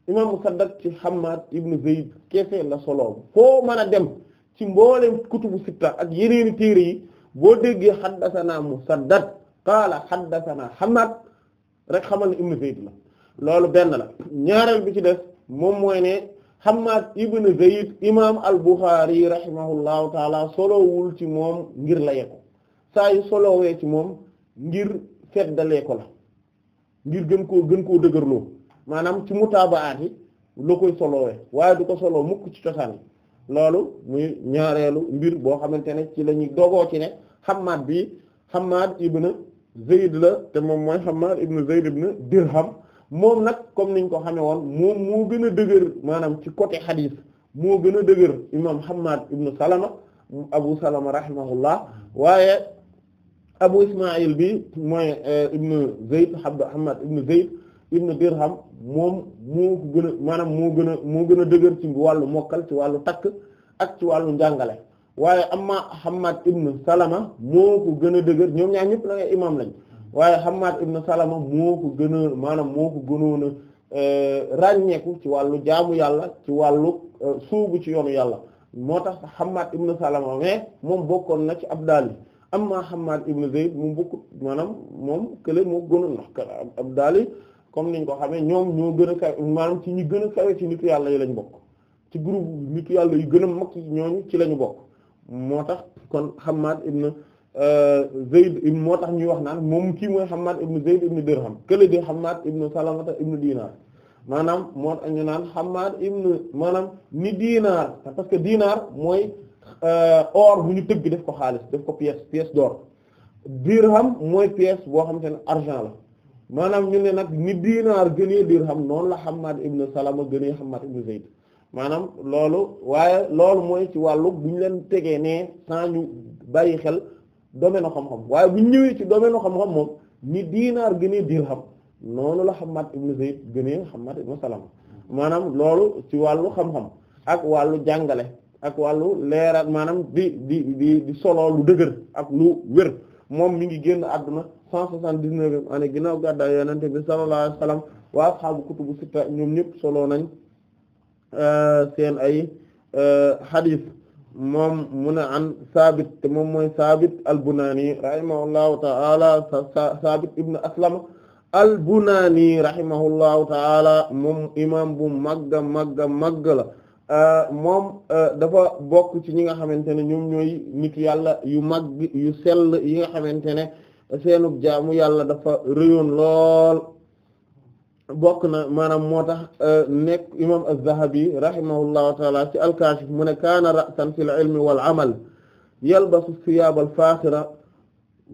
imaam Musaddad ci Hammaad ibnu Zayd kefe la solo foo mën a dem ci mboolem kutubu sitta ak yeneeni téere yi boo déggee xaddasanaa Musaddad qaala xaddasanaa Hammaad rek xamal ne ibnu Zayd la loolu benn la ñaareel bi ci def moom mooy ne Hammad ibn Zayd imam al-Bukhari rahimahullahu taala solowul ci moom ngir laye ko saa yu solowee ci moom ngir feddalee ko la ngir gën koo gën koo dëgërloo maanaam ci mutaabaat yi la koy solowee waaye du ko soloo mukk ci cosaan loolu muy ñaareelu mbir boo xamante ne ci la ñuy dogoo ci ne Hammad bi Hammad ibn Zayd la te moom mooy Hammad ibn Zayd ibn Dirham moom nag comme niñ ko xamee woon moom moo gën a dëgër maanaam ci côté xadis moo gën a dëgër imam Hammad ibnu Salama Abu Salama rahimahullah waaye Abu Ismail bi mooy euh, ibnu Zayd Abdu Hammad ibnu Zayd ibnu Dirham moom moo gën a maanaam moo gën a moo gën a dëgër ci wàllu mokkal ci wàllu takk ak ci wàllu njàngale waaye amma Hammad ibnu Salama moo ko gën a dëgër ñoom ñaar ñëpp la ngay imam lañ waaye Hammad ibn Salama moo ko gën a maanaam moo ko gënoon a euh, ràññeeku ci wàllu jaamu yàlla ci wàllu euh, suubu ci yoonu yàlla moo tax Hammad ibn Salama mais moom bokkoon na ci ab Abdali amma Hammad ibn Zayd mu bokkut maanaam moom kële moo gënoon ndax Abdali comme niñ ko xamee ñoom ñoo gën a kawe maanaam ci ñi gën a kawe ci nit yàlla yi lañ bokk ci group nitu yàlla yu gën a mag ñooñu ci lañu bokk moo tax kon Hammad ibn Euh, Zayd ibn moo tax ñuy wax naan moom kii mooy Hammad ibn Zayd ibn Dirham kële di Hammad ibn Salamata ibn Dinar maanaam moo tax ñu naan Hammad ibn maanaam ni Dinar parce que Dinar mooy euh, or bu ñu tëgg def ko xaalis def ko pièce pièce d'or Dirham mooy pièce boo xamante ne argent la maanaam ñu ne nag ni Dinar gënee Dirham noonu la Hammad ibn Salama gënee Hammad ibn Zayd maanaam loolu waaye loolu mooy ci wàllu bu ñu leen tegee ne sans ñu bàyyi xel. domaine xam-xam waaye bu ñëwee ci domaine xam-xam moom ni diinaar gënee xam noonu la Hammad ibn Zayd gënee Hammad ibn Salama maanaam loolu ci wàllu xam-xam ak wàllu jàngale ak wàllu leeraat maanaam di di di di solo lu dëgër ak lu wér moom mi ngi génn àdduna cent soixante-dix-neuvième année ginnaaw gàddaay yonente bi sallallahu alayhi wasallam waa ashaabu kutubu sitta ñoom ñëpp solo nañ euh, seen ay euh, hadith moom mu ne an Sabit te moom mooy Sabit al-Bunani rahimahullahu ta'ala Sabit ibn Aslam al-Bunani rahimahullahu ta'ala moom imam bu magga magga magga la euh, moom euh, dafa bokk ci ñi nga xamante ne ñoom ñooy nit yàlla yu mag yu sell yi nga xamante ne seenub jaamu yàlla dafa rëyoon lool bokk na maanaam moo tax euh, nekk imam az-Zahabi rahimahullahu taala ci al-Kashif mu ne kaana ra'san fil ilmi wal amal yalbasu thiyaab al-faaxira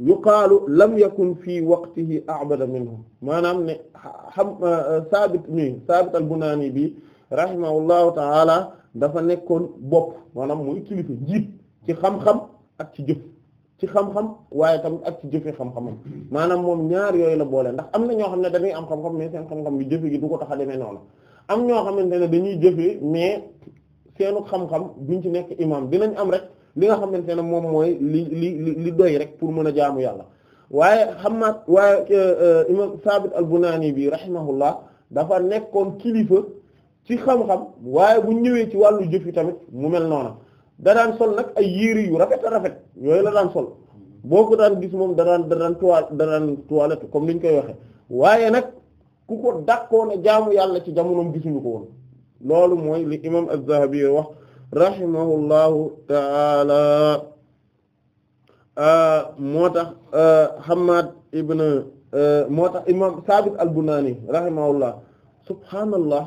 yuqaalu lam yakun fii waqtihi a'bada minhu maanaam ne xam euh, Saabit mi Saabit al-Bunaani bi rahimahullahu taala dafa nekkoon bopp maanaam muy kilifa njiit ci xam-xam ak ci jëf ci xam-xam waaye tamit ak ci jëfe xam-xamam maanaam moom ñaar yooyu la boole ndax am na ñoo xam ne dañuy am xam-xam mais bi jëfe gi du ko tax a am ñoo xamante ne dañuy jëfe mais seenu xam-xam duñ ci nekk imam dinañ am rek li nga xam ne moom mooy li li li doy rek pour mën a jaamu yàlla waaye xam naa waaye euh, euh, imam Sabit al-Bunani bi rahimahullah dafa nekkoon kilifa ci xam-xam waaye bu ñëwee ci wàllu jëf yi tamit mu mel noonu da daan sol nag ay yére yu rafet a rafet yooyu la daan sol boo ko daan gis moom da daan da daan tuwa comme ni ñu koy waxe waaye nag ku ko dakkoon a jaamu yàlla ci jamonoom gisuñu ko woon loolu mooy li imam az-Zahabi wax rahimahullahu taala ah, moo tax ah, Hammad ibn ah, moo tax imam Sabit al-Bunani rahimahullah subhaanallah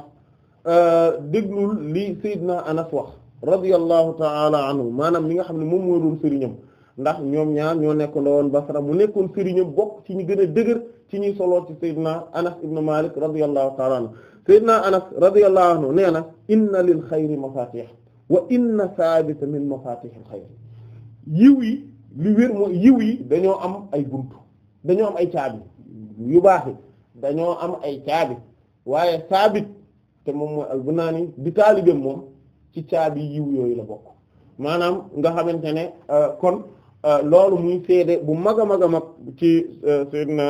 déglul li Seydina Anas wax radiyallahu ta'ala anhu maanaam mi nga xam ne moom moo doon sëriñam ndax ñoom ñaar ñoo nekkoon woon Basra mu nekkoon sëriñam bokk ci ñu gën a dëgër ci ñu soloo ci Seydina Anas ibn Malik radiyallahu ta'ala anhu Seydina Anas radiyallahu anhu nee na inna lil xayri mafatih wa inna sabita min mafatihil xayr yiw yi li wér mooy yiw yi dañoo am ay buntu dañoo am ay caabi yu baax yi dañoo am ay caabi waaye saabit te moom mooy al Bunaani moom ci caabi yiw yooyu la bokk maanaam nga xamante ne euh, kon euh, loolu muy seede bu mag a mag a mag ci euh, sayyidina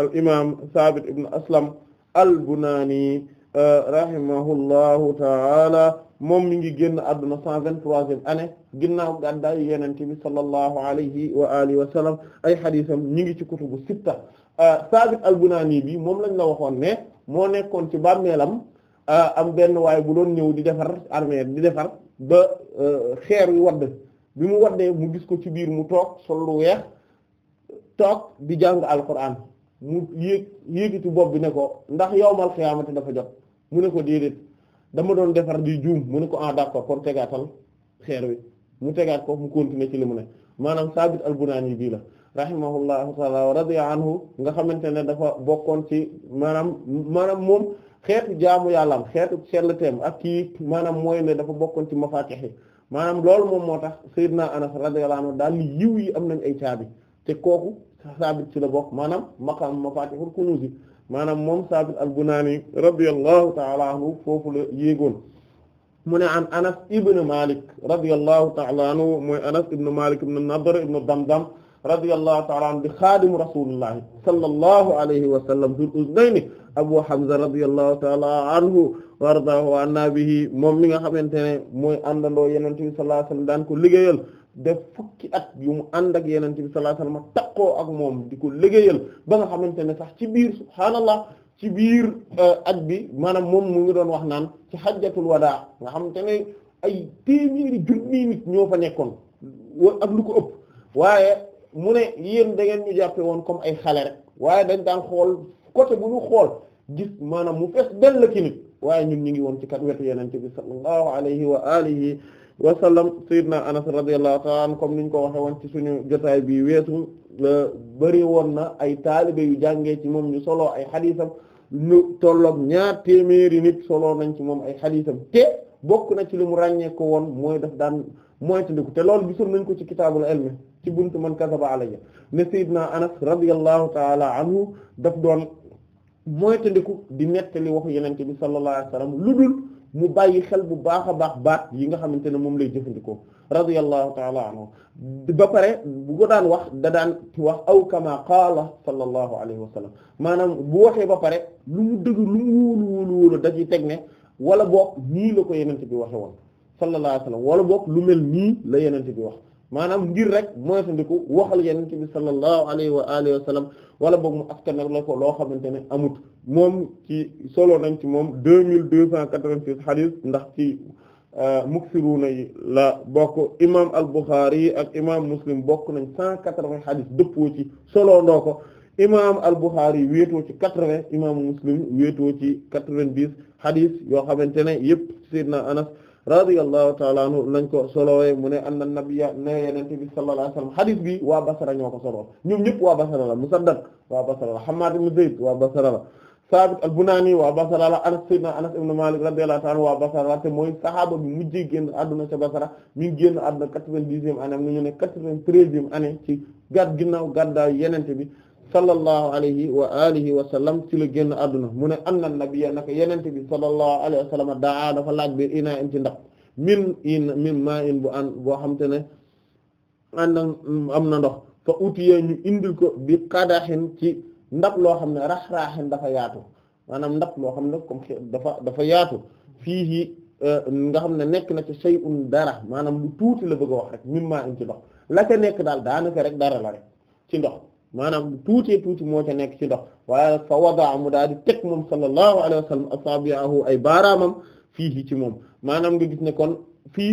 al imam Sabit ibn Aslam al Bunani rahimahullahu taala moom mi ngi génn àdduna cent vingt-troisième année ginnaaw gàddaay yenente bi sallallahu alihi wa ay xadiisam ñi ngi ci kutubu sitta Sabit al Bunani bi moom lañ la waxoon ne moo nekkoon ci bàmmeelam Euh, am benn waaye bu doon ñëw di defar armée di defar ba euh, xeer wi wadd bi mu waddee mu gis ko ci biir mu toog sol lu weex toog di jàng alquran mu yéeg yéegitu bopp bi ne ko ndax yowmal xiyaamati dafa jot mu ne ko déedéet dama doon defar di juum mu ne ko ah d'accord kon tegaatal xeer wi mu tegaat ko mu continuer ci li mu ne maanaam Sabit al-Bunani bii la rahimahullahu taala wa radiya anhu nga xamante ne dafa bokkoon ci maanaam maanaam moom xeetu jaamu yàllaam xeetu seetlateem ak kii maanaam mooy dafa bokkon ci mafaatix yi maanaam loolu moom moo tax Seydina Anas radiyallahu anhu daal li yiw yi am nañ ay caabi te kooku saabit ci la bokk maanaam maqaam mafaatixul kunuuz maanaam moom saabit al-Bunaani radiyallahu ta'ala anhu foofu la yéegoon mu ne an Anas ibn Malik radiyallahu ta'ala anhu mooy Anas ibn Malik ibn Nadr ibn Damdam radiyallahu ta'ala anhu di xaadimu rasulillahi sallallahu alayhi wa sallam dul uznayni Abu Hamza radiyallahu ta'ala anhu wa ardaahu wa anna bihi moom mi nga xamante ne mooy àndandoo Yonent bi sallallahu alayhi wasallam daan ko liggéeyal def fukki at yu mu ànd ak Yonent bi sallallahu alayhi wasallam takkoo ak moom di ko liggéeyal ba nga xamante ne sax ci biir subhaanallah ci biir eh, at bi maanaam moom mu ngi doon wax naan ci hajjatul wadaa nga xam ne ay téeméeri junni nit ñoo fa nekkoon ak lu ko ëpp waaye mu ne yéen da ngeen ñu jàppe woon comme ay xale waaye dañ daan xool côté bu ñu xool gis maanaam mu fees dell ki nit waaye ñun ñu ngi woon ci kat wetu yeneen bi sallallahu alayhi wa alihi wa sallam sayyidina anas radiyallahu ta'ala anhu comme niñ ko waxe woon ci suñu jotaay bi weesu bëri woon na ay taalibe yu jàngee ci moom ñu soloo ay xadiisam ñu tolloog ñaar téeméeri nit soloo nañ ci moom ay xadiisam te bokk na ci li mu ràññee ko woon mooy daf daan moytandiku te loolu gisul nañ ko ci kitaabul ilmi ci buntu man kasaba alayya ne sayyidina anas radiyallahu ta'ala anhu daf doon moytandiku di nettali waxu yenente bi sallallahu alayhi wasallam lu dul mu bàyyi xel bu baax a baax baat yi nga xamante ne moom lay jëfandikoo radiyallahu ta'ala anhu ba pare bu daan wax da daan wax aw kama qaala sallallahu alayhi wasallam maanaam bu waxee ba pare lu mu dëgg lu mu wóolu wóolu wóolu da ci teg ne wala boog nii la ko yenente bi waxe woon sallallahu alayhi wasallam wala boog lu mel nii la yenente bi wax maanaam ngir rek moytandiku waxal yenent bi sallallahu alayhi wa alihi wa sallam wala boog mu askanal la ko loo xamante ne amut moom ci solo nañ ci moom deux mille deux cent quatre-vingt-six hadith ndax ci euh, muksiruna yi la bokk imam al-Bukhari ak imaam Muslim bokk nañ cent quatre-vingts hadith dëppoo ci solo ndoo ko imam al-Bukhari wéetoo ci quatre-vingts imam Muslim wéetoo ci quatre-vingt-dix hadith yoo xamante ne yépp Seydina Anas radiyallahu ta'ala anhu lañ ko solowee mu ne anna nabiyya ne yenente bi sallallahu alayhi wasallam bi waa basara ñoo ko soloo ñoom ñëpp waa basara la musaddad waa basara la hammad ibn zayd waa basara sabit al-bunani waa anas sayyidina anas ibn malik radiyallahu ta'ala anhu waa te mooy sahaaba bi mujjee génn adduna ca basara mi ngi génn adduna quatre-vingt-dixième année am na ñu ne quatre-vingt-treizième année ci gàtt ginnaaw gàddaay bi sallallahu alayhi wa alihi wa sallam ci la génn àdduna mu ne anna nabiyya naka yenente bi sallallahu alayhi wa sallam daa dafa laaj bi ina in ci ndax miin in min maa bu an boo xam te ne an na ndox fa utiye ñu indil ko bi qadahin ci ndax loo xam ne rax-raaxin dafa yaatu maanaam ndax loo xam ne comme dafa dafa yaatu fii eh, nga xam ne nekk na ci shay'un dara maanaam lu tuuti la bëgg a wax rek min maa in ci ndox la ca nekk daal daanaka rek dara la rek ci ndox maanaam tuuti tuuti moo ca nekk ci ndox waaye fa wadaa mu daal di teg moom sallallahu alayhi wa sallam asabi'ahu ay baaraamam fii ci moom maanaam nga gis ne kon fii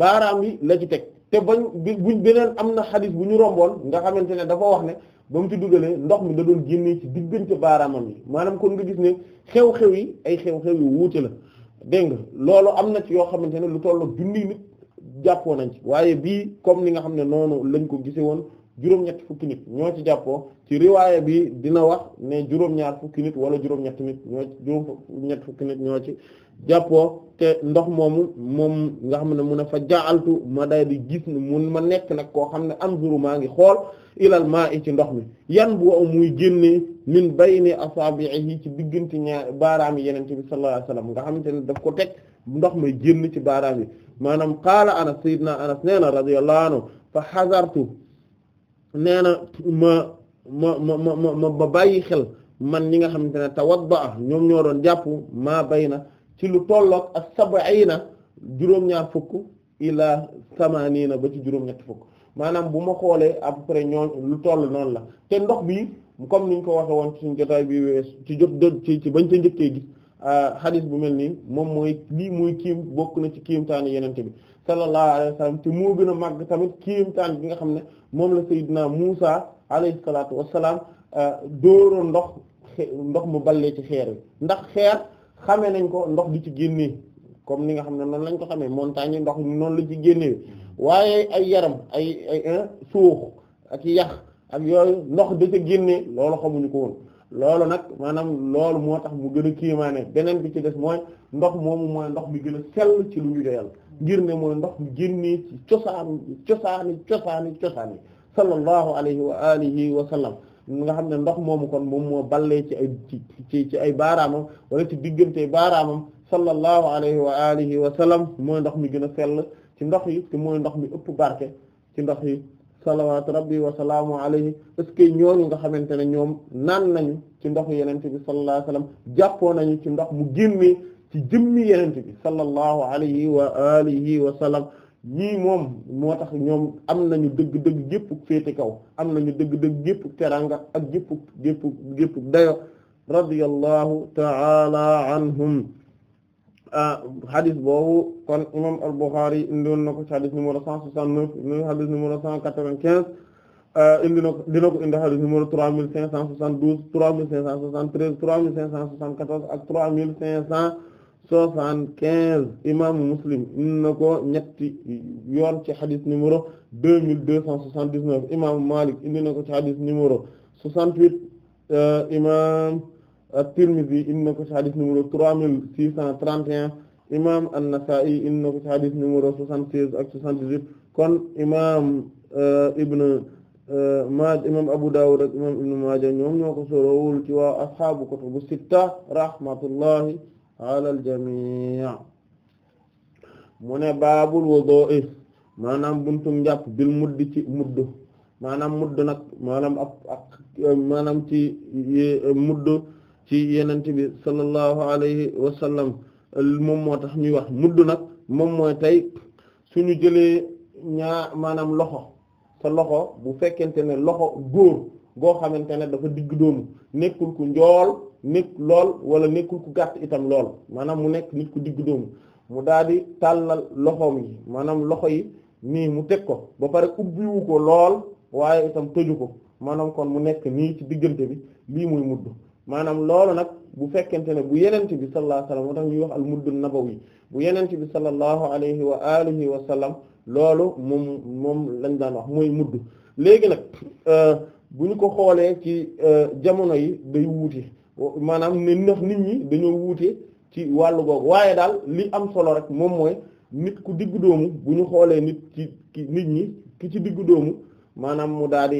baaraam yi la ci teg te bañ buñ beneen am na xadis bu ñu romboon nga xamante ne dafa wax ne ba mu ci dugalee ndox mi da doon génnee ci diggante baaraamam yi maanaam kon nga gis ne xew-xew yi ay xew-xew yu wuute la dégg nga loolu am na ci yoo xamante ne lu tollook junni nit jàppoo nañ ci waaye bii comme ni nga xam ne noonu lañ ko gise woon juróom-ñetti fukki nit ñoo ci jàppoo ci riwaaya bi dina wax ne juróom-ñaar fukki nit wala juróom-ñetti nit ñoo ci fukki nit ñoo ci jàppoo te ndox moomu moom nga xam ne mun a fa jaaltu ma day di gis ne mun ma nekk nag koo xam ne anzuru maa ngi xool ilal maa'i ci ndox mi yan bu am muy génnee min bayni asaabi'ihi ci diggante ñaar baaraam yi yeneen bi sallallahu alayhi wasallam nga xamante ne daf ko teg ndox may génn ci baaraam yi maanaam qaala anas sayyidina anas nee na radiyallahu anhu fa xazartu nee na ma ma ma ma ma bàyyi xel man ñi nga xamante ne tawadda ñoom ñoo doon jàpp maa bay na ci lu tolloog ak sabaina juróom-ñaar fukk ila na ba ci juróom ñetti fukk maanaam bu ma xoolee après ñoo lu toll noonu la te ndox bi comme niñ ko waxe woon ci suñ jotaay bi wees ci ci ci bañ ca njëkkee gi xadis euh, bu mel nii moom mooy lii mooy kiim bokk na ci kiimtaanu yenente bi sallallahu alayhi wa sallam te moo gën a màgg tamit kiimtaan bi nga xam ne moom la Seydina Muusa alayhi salaatu wassalaam euh, dóoro ndox ndox mu ballee ci xeer bi ndax xeer xamee nañ ko ndox di ci génnee comme ni nga xam ne noonu lañ ko xamee montagne ndox noonu la ci génnee waaye ay yaram ay ay suux ak yax ak yooyu ndox da ca génnee loolu xamuñu ko woon loolu nag maanaam loolu moo tax mu gën a kiimaane beneen bi ci des mooy ndox moomu mooy ndox mi gën a sell ci lu ñu doyal ngir ne mooy ndox mi génnee ci cosaanu cosaani cosaani cosaani sallallahu alayhi wa alihi wa sallam nga xam ne ndox moomu kon moom moo ballee ci ay ci ci ay baaraamam wala ci diggante baaraamam sallallahu alayhi wa alihi wa sallam mooy ndox mi gën a sell ci ndox yi te mooy ndox mi ëpp barke ci ndox yi salawaatu rabbi wa salaamu alayhi est ce que ñooñu nga xamante ne ñoom naan nañu ci ndoxu yenente bi sallallahu alayhi wa jàppoo nañu ci ndox mu génnee ci jëmmi yenente bi sallallahu alayhi wa alihi wa sallam ñii moom moo tax ñoom am nañu dëgg-dëgg géppug féete kaw am nañu dëgg-dëgg géppug teraanga ak géppug géppug géppug dayo radiyallahu ta'ala anhum Ah, hadith boobu kon imam al-Bukhari indi woon na ko ci hadith numéro 169 indi na ko hadith numéro 195 ah, indi na ko dina ko indi hadith numéro 3572 3573 3574 ak 3575 imam Muslim indi na ko ñetti yoon ci hadith numéro 2279 imam Malik indi na ko ci hadith numéro 68 ah, imam at-Tirmidhi indi na ko ci xadis numéro trois mille six cent trente et un imaam an ko ci xadis numéro soixante-seize ak soixante-dix-huit kon imaam euh, Ibn euh, Maaja imaam Abu Dawud ak Ibn Maaja ñoom ñoo ko sorowul ci waa ashaabu kutubu sitta rahmatullahi ala al-jamii' mu ne baabul wudu'i maanaam buntu njàpp bil muddi ci muddu maanaam muddu nag maanaam ak ak ci muddu ci yenente bi sallallahu alayhi wa sallam moom moo tax ñuy wax mudd nag moom mooy tey su ñu jëlee ñaa maanaam loxo sa loxo bu fekkente ne loxo góor goo xamante ne dafa digg doomu nekkul ku njool nit lool wala nekkul ku gàtt itam lool maanaam mu nekk nit ku digg doomu mu daal di tàllal loxoom yi maanaam loxo yi nii mu teg ko ba pare ubbiwu ko lool waaye itam tëju ko maanaam kon mu nekk nii ci diggante bi lii muy mudd maanaam loolu nag bu fekkente ne bu yenente bi sallallahu alayhi wa sallam moo tax ñuy wax al muddun nabawi bu yenente bi sallallahu wax wa alihi wa sallam loolu moom moom lañ daan wax mooy mudd léegi nag euh, bu ñu ko xoolee ci euh, jamono yi day wuute maanaam ne nit ñi dañoo wuute ci wàllu googu waaye daal li am solo rek moom mooy nit ku diggu doomu bu ñu xoolee nit ci nit ñi ki ci diggu doomu maanaam mu daal di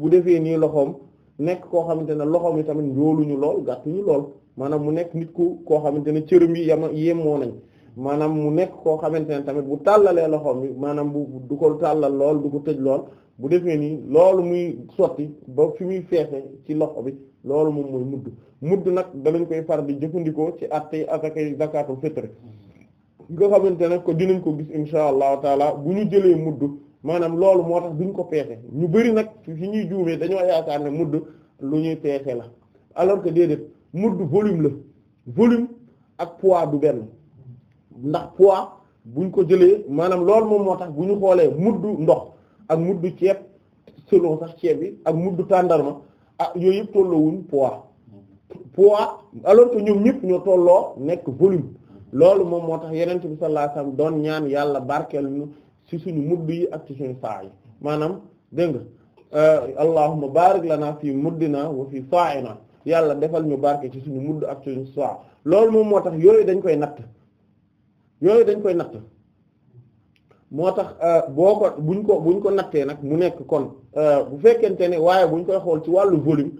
bu defee nii loxoom nekk koo xamante ne loxo mi tamit njooluñu lool gàttuñu lool maanaam mu nekk nit ku koo xamante ne cërëm yi yama yemoo nañ maanaam mu nekk koo xamante ne tamit bu tàllalee loxoom mi maanaam bu du ko tàllal lool du ko tëj lool bu defee nii loolu muy sotti ba fi muy feexe ci loxo bi loolu moom mooy mudd mudd nag danañ koy far di jëfandikoo ci at yi azakay zakatul nga xamante ne ko dinañ ko gis insha allah taala bu ñu jëlee mudd maanaam loolu moo tax duñ ko peese ñu bëri nag fi ñuy juumee dañoo yaakaar ne mudd lu ñuy peese la alors que déedéet mudd volume la volume ak poids du benn ndax poids buñ ko jëlee maanaam loolu moom moo tax bu ñu xoolee mudd ndox ak mudd ceeb selon sax ceeb bi ak mudd tàndarma ah yooyu yëpp tolloowuñ poids poids alors que ñoom ñëpp ñoo tolloo nekk volume loolu moom moo tax yeneen bi sallallahu alayhi wasallam doon ñaan yàlla barkeel ñu ci suñu mudd yi ak ci suñu saa yi maanaam dégg nga euh, allahumma barik lana fi muddina wa fi naa yàlla defal ñu barke ci suñu mudd ak suñu saa loolu moom moo tax yooyu dañ koy natt yooyu dañ koy natt moo tax euh, boo ko buñ ko buñ ko nattee nag mu nekk kon euh, bu fekkente ne waaye buñ koy xool ci wàllu volume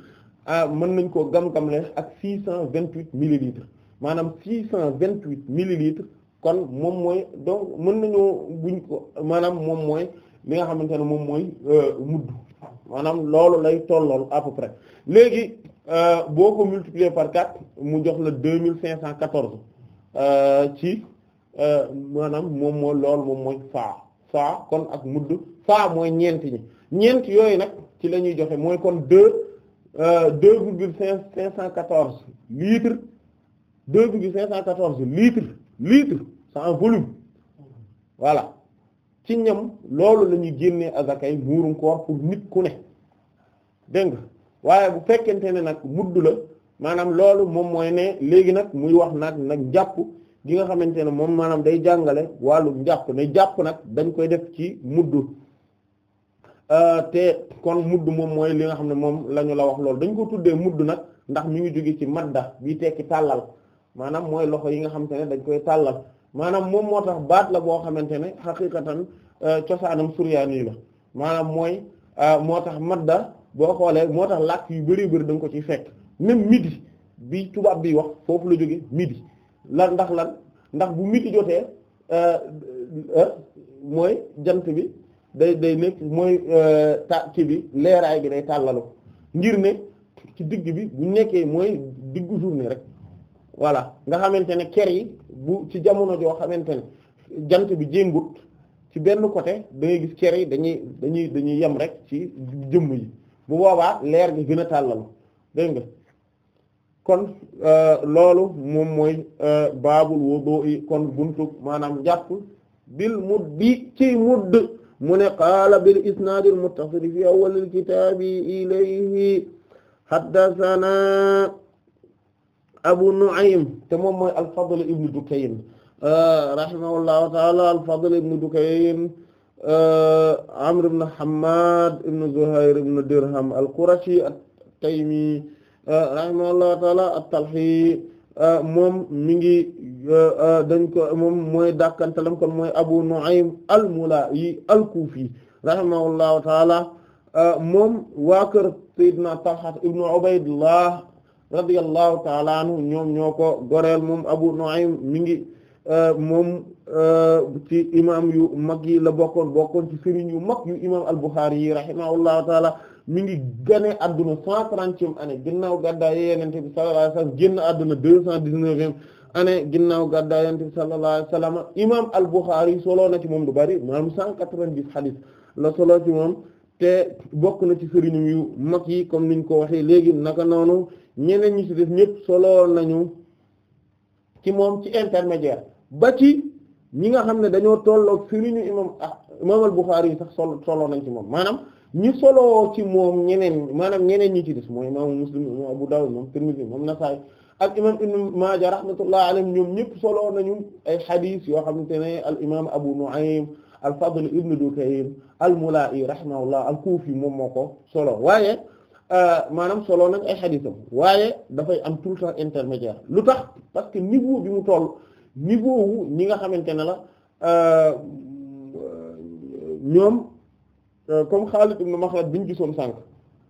mën nañ koo gam-gamle ak six cent vingt-huit millilitres maanaam six cent vingt-huit millilitres kon moom mooy donc mën nañu buñ ko maanaam moom mooy li nga xamante ne moom mooy euh, mudd maanaam loolu lay tollool à peu près léegi euh, boo ko multiplier par 4 mu jox la mille 2514 euh, ci maanaam moom mooy loolu moom mooy saa saa kon ak mudd saa mooy ñeenti ñi ñeenti yooyu nag ci la ñuy joxe mooy kon 2 2 virgule 5 514 litres 2 virgule 514 litres litre sa en volume voilà ci ñam loolu lañuy ñuy génnee azakay muurum koor pour nit ku ne dégg waaye bu fekkente ne nag mudd la maanaam loolu moom mooy ne léegi nag muy wax nag nag njàpp gi nga xamante ne moom maanaam day jàngale wàllu njàpp ne jàpp nag dañ koy def ci mudd euh, te kon mudd moom mooy li nga xam ne moom la ñu la wax loolu dañ ko tuddee mudd nag ndax mi ngi jóge ci madda bi tekki tàllal maanaam mooy loxo yi nga xamante ne dañ koy tàllal maanaam moom moo tax baat la boo xamante ne xaqiqatan euh, cosaanam suryaani la maanaam mooy euh, moo tax madda boo xoolee moo tax làkk yu bari bëri da ko ci fekk même midi bi tubaab bi wax foofu la jóge midi lan ndax la ndax bu midi jotee euh, mooy jant bi day day nekk mooy ta ci bi leeraay gi day tàllalu ngir ne ci digg bi bu nekkee mooy diggu journée rek voilà nga xamante ne ker yi bu ci jamono joo xamante ne jant bi jéngut ci benn côté da gis ker yi dañuy dañuy dañuy yem rek ci jëmm yi bu boobaa leer gi gën a tàllal dégg nga kon euh, loolu moom mooy euh, baabul wudu'i kon buntu maanaam jàpp bil muddi ci mudd mu ne qaala bil isnaadil muttasil fi awwalil kitaabi ilayhi haddasanaa Abu Nu'aym te moom mooy al-Fadl ibn Dukayn euh, rahimahullahu ta'ala al-Fadl ibn Dukayn euh, Amr ibn Hammad ibn Zuhayr ibn Dirham al-Qurashi at-Taymi euh, rahimahullahu ta'ala at-Talhi moom mi ngi dañ ko moom mooy dàkkantalam kon mooy Abu Nu'aym al-Mula'i al-Kufi rahimahullahu ta'ala moom waa kër Sayyidina Talha ibn Ubaydullah radiyallahu taala anhu ñoom ñoo ko goreel moom Abu Nu'aym mi ngi euh, moom euh, ci imam yu mag yi la bokkoon bokkoon ci sëriñ yu mag yu imam al-Bukhari yi rahimahullahu taala mi ngi gane adduna cent trentième année ginnaaw gàddaay Yonent bi sallallahu alayhi génn adduna deux cent dix ginnaaw gàddaay Yonent bi sallallahu alayhi wasallam imam al-Bukhari soloo na ci moom du bari maanaam cent quatre-vingt-dix hadith la soloo ci moom bokk na ci sëriñ yu mag yi comme niñ ko waxee léegi naka noonu ñeneen ñi ci def ñëpp solo nañu ci moom ci intermédiaire ba ci ñi nga xam ne dañoo tolloog sëriñu a imam ah, al-Bukhari yi sax solo solo nañ ci moom maanaam ñi solo ci moom ñeneen maanaam ñeneen ñi ci des mooy imam Muslim imam Abu Dawud moom Tirmidhi moom Nasa'i ak imam Ibn Maaja rahmatullah alayhim ñoom ñëpp solo nañu ay xadiis yoo xamante ne al imam Abu Nu'aym al-Fadl ibn Dukayn al-Mula'i rahimahullah al-Kufi moom moo ko solo waaye. Euh, maanaam solo nag ay xadiisam waaye dafay am tout le temps intermédiaire lu tax parce que niveau bi mu toll niveau ñi nga xamante ne la euh, ñoom euh, comme Xaalid ibn Maxlad bi ñu gisoon sànq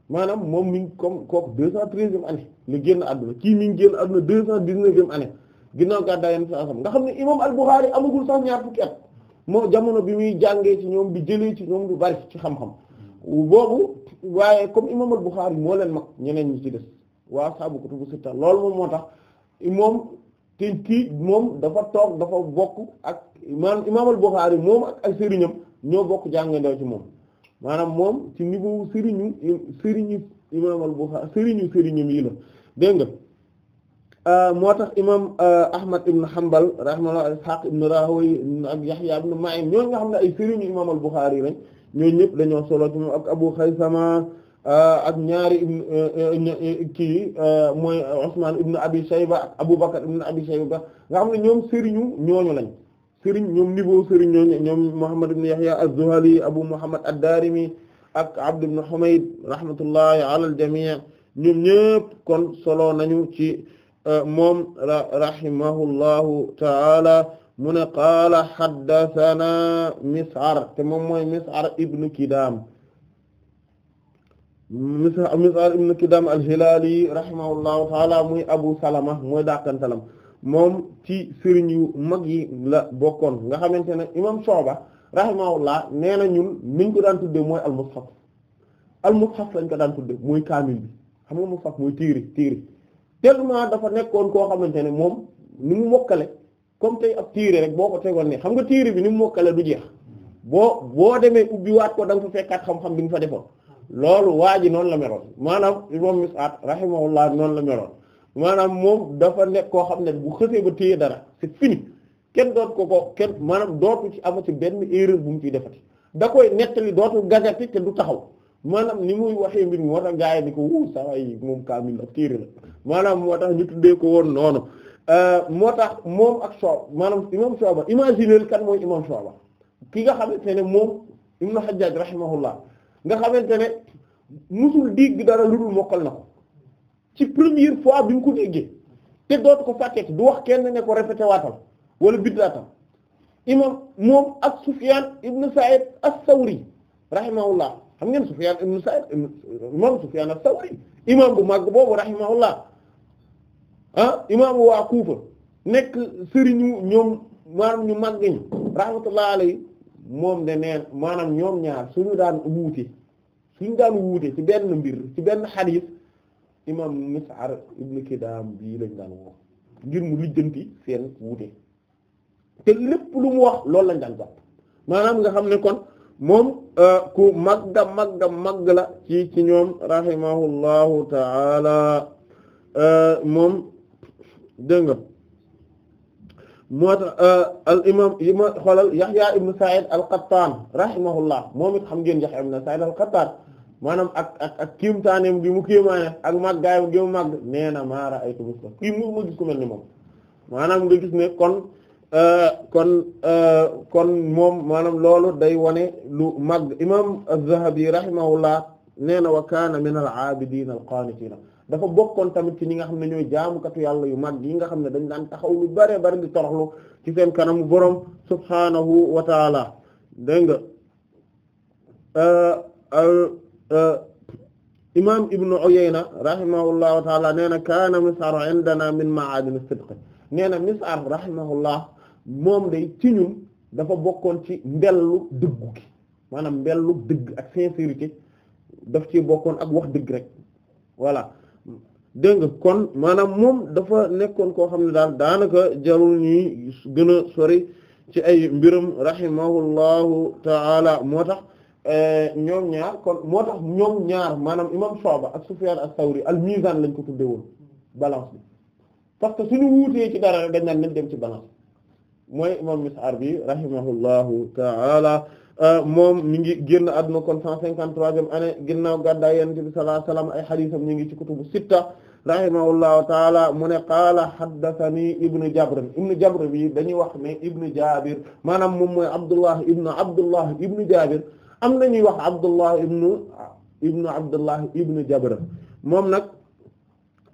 maanaam moom mi ngi comme kooku deux cent treizième année la génn àdduna kii mi ngi génn àdduna deux cent dix-neuvième année ginnaaw gàddaay Yonent sallallahu alayhi wasallam nga xam ne imam al-Bukhari amagul sax ñaar fukki at moo jamono bi muy jàngee ci ñoom bi jëlee ci ñoom lu bari ci xam-xam boobu waaye comme imam al-Bukhari moo leen mag ñeneen ñi ci des waa saabu kutubu sitta loolu moom moo tax moom te kii moom dafa toog dafa bokk ak maanaam imam al moom ak ay sëriñam ñoo bokk jàngandoo ci moom maanaam moom ci niveau sëriñu sëriñu imam al-Bukhari sëriñu sëriñam yi la dégg nga euh, moo tax imam euh, Ahmad ibn Hanbal rahimahullah Ishaq ibn Rahawayh ak Yahya ibn Ma'in ñoo nga xam ne ay sëriñu imam al-Bukhari lañ ñooñu ñëpp dañoo solo ci moom ak Abu Xaysama euh, ak ñaari ibn euh, euh, kii mooy Usman ibn Abi Shayba ak Abu Bakr ibn Abi Shayba nga xam ne ñoom sëriñu ñooñu lañ sëriñ ñoom niveau sëriñ ñooñu ñoom Muhammad ibn Yahya az-Zuhali Abu Muhammad ad-Darimi ak Abd ibn Humayd rahmatullahi ala al-jami' ñoom ñëpp kon solo nañu ci moom rahimahullahu ta'ala mu ne qaala xaddathana mis'ar te moom mooy mis'ar ibnu kidaam mis'ar ibnu kidaam al-hilaali rahimahullahu muy abu salama mooy daakantalam moom ci sëriñ yu mag yi la bokkoon nga xamante ne imam sooba rahimahullah nee na ñun niñ ko daan tudde mooy al-mushaf al-mushaf lañ ko daan tudde mooy kaamil bi xam nga mushaf mooy tiiri tiiri tellement dafa nekkoon koo xamante ne moom ni mu mokkale comme tey ab téere rek boo ko tegoon ne xam nga téere bi ni mu mokkale du jeex boo boo demee ubbi waat ko da nga fa fekkaat xam-xam bi nga fa defoon loolu waa ji noonu la meloon maanaam imam Mis'at rahimahullah noonu la meloon maanaam moom dafa nekk koo xam ne bu xësee ba téye dara c'est fini kenn doot ko ko kenn maanaam dootu ci ci benn erreur bu mu ciy defati da koy nettali dootu gazeti te du taxaw maanaam ni muy waxee mbir mi moo tax gaa di ko wu saa yi moom kaamil ab téere la maanaam moo tax ñu tuddee ko woon noonu Euh, moo tax moom ak Shu'ba maanaam imam Shu'ba imaginer kan mooy imam Shu'ba ki nga xamante ne moom Ibn Hajjaj rahimahullah nga xamante ne musul dégg dara lu dul na ko ci première ko déggee te wax kenn ne ko répété waatal wala biddaatal imam moom ak Sufyan ibn Sa'id as-Sawri xam ngeen Sufyan ibn Sa'id imam Sufyan as-Sawri imam bu boobu rahimahullah ah imaamu waa Kuufa nekk sëriñu ñoom maanaam ñu màgg ñi rahmatullahi alayhi moom de neen maanaam ñoom ñaar suñu daan wuute suñu daan wuute ci benn mbir ci benn xadiis imaam Mus'ar ibn Kidaam bii lañ daan woo ngir mu lijjanti seen wuute te lépp lu mu wax lool lañ daan jàpp maanaam nga xam ne kon moom euh, ku magga magga magg la ci ci ñoom rahimahullahu ta'ala euh, moom dégg nga moo tax euh, al imam yi ma xoolal Yahya ibn Sa'id al-Qattan rahimahullah moom it xam ngeen Yahya ibn Sa'id al-Qattan maanaam ak ak ak gi mu kiimaane ak màggaayam gi mu màgg nee na maa ra'aytu mislahu kii mu ma gis ku mel ni moom maanaam nga gis kon euh, euh, kon moom maanaam loolu day wane lu màgg imam az-Zahabi rahimahullah nee wa kaana min al-'abidin al-qanitin dafa bokkoon tamit ci ñi nga xam ne ñooy jaamukatu yàlla yu mag yi nga xam ne dañ daan taxaw lu bare bari di toroxlu ci seen kanamu borom subhaanahu wa taala dégg nga euh, euh, euh, imam ibnu Uyayna rahimahullahu taala nee na kaana misaaru indana min ma'adin nee na misaar rahimahullah moom day ci ñun dafa bokkoon ci mbellu dëggu gi maanaam mbellu dëgg ak sincérité daf ci bokkoon ak wax dëgg rek voilà dégg nga kon maanaam moom dafa nekkoon koo xam ne daal daanaka jarul ñuy gën a sori ci ay mbiram rahimahullahu taala moo tax eh, ñoom ñaar kon moo tax ñoom ñaar maanaam imam Shu'ba ak Sufyan as-Sawri al-Mizan lañ ko tudde woon balance bi parce que suñu wuutee ci dara dañ naan nañ dem ci balance mooy imam Mis'ar bi rahimahullahu taala eh, moom mi ngi génn àdduna kon 153e année ginnaaw gàddaay Yonent bi sallallahu alayhi wasallam ay hadiisam ñu ngi ci kutubu sitta rahimahullahu taala mu ne qaala haddathani ibnu jabr ibnu jabr bi dañuy wax ne ibnu jabir maanaam moom mooy abdullah ibnu abdullah ibnu jabir am nañuy wax abdullah ibnu ibnu abdullah ibnu jabr moom nag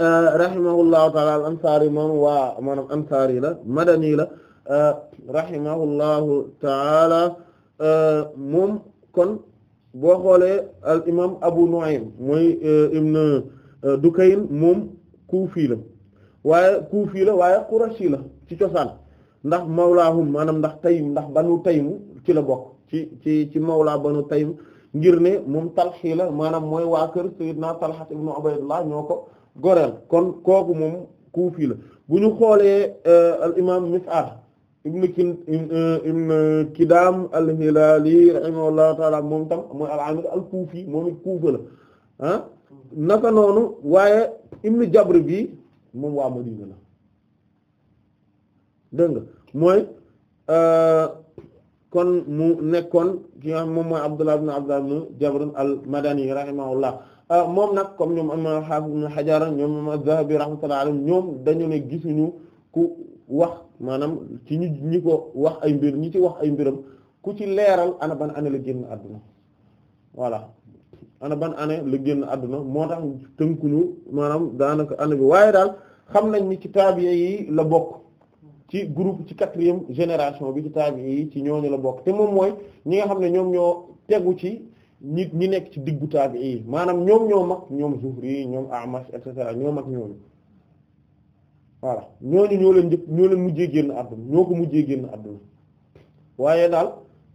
euh, rahimahullahu taala al ansaari moom waa maanaam ansaari la madani la euh, rahimahullahu taala euh, moom kon boo xoolee al imam abu nu'aym mooy ibnu Euh, Dukayn moom kuufi la waaye kuufi la waaye qurashi la ci cosaan ndax mawlaahum maanaam ndax Taym ndax banu Taym ci la bokk ci ci ci mawla banu Taym ngir ne moom Talxi la maanaam mooy waa kër Sayyidina Talha ibn Ubaydullah ñoo ko goreel kon kooku moom kuufi la bu ñu xoolee euh, al imaam Mis'ar ibn ki euh, ibn Kidaam al-Hilaali rahimahullahu ta'ala moom tam mooy al-Aamiri moom it Kuufa la ah? naka noonu waaye ibnu jabr bii moom waa Madina la dégg nga mooy euh, kon mu nekkoon ki moom mooy Abdullah ibn Abdullah ibn Jabr al-Madani euh, moom nag comme ñoom am Hafiz ibn Hajar ñoom am Az-Zahabi rahmatullahi ñoom dañu ne gisuñu ku wax maanaam ci ñi ñi ko wax ay mbir ñi ci wax ay mbiram ku ci leeral ana ban ana la génn àdduna voilà ana ban année la génn àdduna moo tax tënkuñu maanaam daanaka année bi waaye daal xam nañ ni ci taabiya yi la bokk ci groupe ci quatrième génération bi ci taabiya yi ci ñooñu la bokk te moom mooy ñi nga xam ne ñoom ñoo tegu ci nit ñi nekk ci diggu taabiya yi maanaam ñoom ñoo mag ñoom yi ñoom Amash et cetera ñoo mag ñooñu voilà ñooñu ñoo leen njëkk ñoo leen mujjee génn àdduna ñoo ko mujjee génn àdduna waaye daal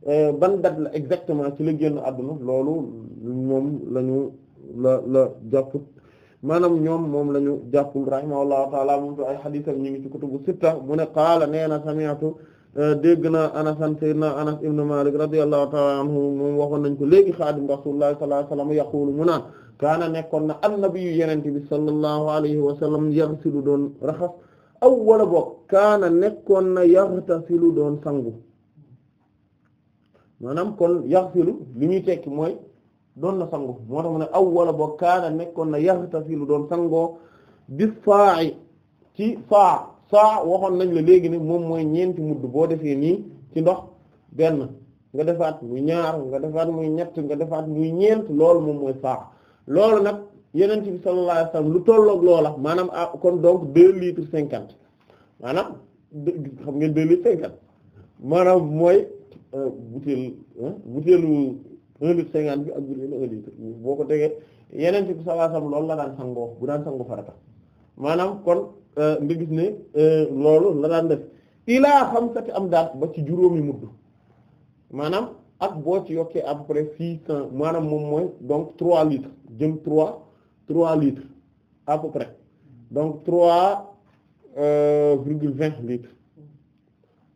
euh, ban date la exactement ci la génn àdduna loolu moom lañu la la jàpp maanaam ñoom moom lañu jàppul rahimahullahu taala moom to ay xadiisam ñu ngi ci kutubu sitta mu ne qaala nee na sami'tu euh, dégg na anasan sayyidina anas ibn malik radiyallahu taala anhu moom waxoon nañ ko léegi xaadim rasulullahi sallallahu alayhi wa sallam yaqulu mu naan kaana nekkoon na annabiyu yenente bi sallallahu alayhi wa sallam yaxsilu doon raxas aw wala boog kaana nekkoon na yaxtasilu doon sangu maanaam kon yaxsilu li ñuy tekki mooy doon na sangu moo tax mu ne awwala boo kaana nekkoon na lu doon sangoo bi yi ci faa saa waxoon nañ la léegi ne moom mooy ñeenti mudd boo defee nii ci ndox benn nga defaat muy ñaar nga defaat muy ñett nga defaat muy ñeent loolu moom mooy saa loolu nag yeneen bi sallallahu alayhi lu tolloog loola maanaam ah kon donc deux cinquante maanaam xam maanaam mooy euh, butéel butéelu un litre cinquante bi ak bu dee un litre boo ko degee yeneen ci sallallahu alayhi wasallam loolu la daan sangoo bu daan sangu farata maanaam kon euh, nga gis ne euh, loolu la daan def ilaa xamsati am daat ba ci juróomi mudd maanaam ak boo ci yokkee à peu près six cent maanaam moom mooy donc trois litres jëm trois trois litres à peu près donc trois euh, virgule vingt litres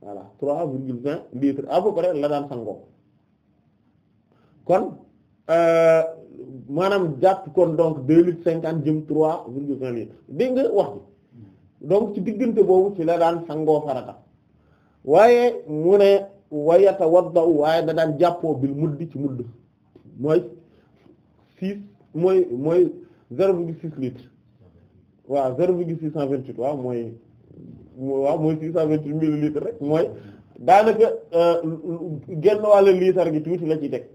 voilà trois virgule vingt litres la daan sangoo kon euh, maanaam jàpp kon donc deux litres cinquante jëm trois virgule un litre dégg nga wax bi donc ci diggante boobu ci la daan sangoo farata waaye mu ne wayata wadda u waaye da daan jàppoo bil mudd ci mudd mooy six mooy mooy zéro virgule six litres waaw zéro virgule six cent vingt-huit waaw mooy mooy six cent vingt-huit millilitres rek mooy daanaka euh, genn wàllu litre gi tuuti la ci teg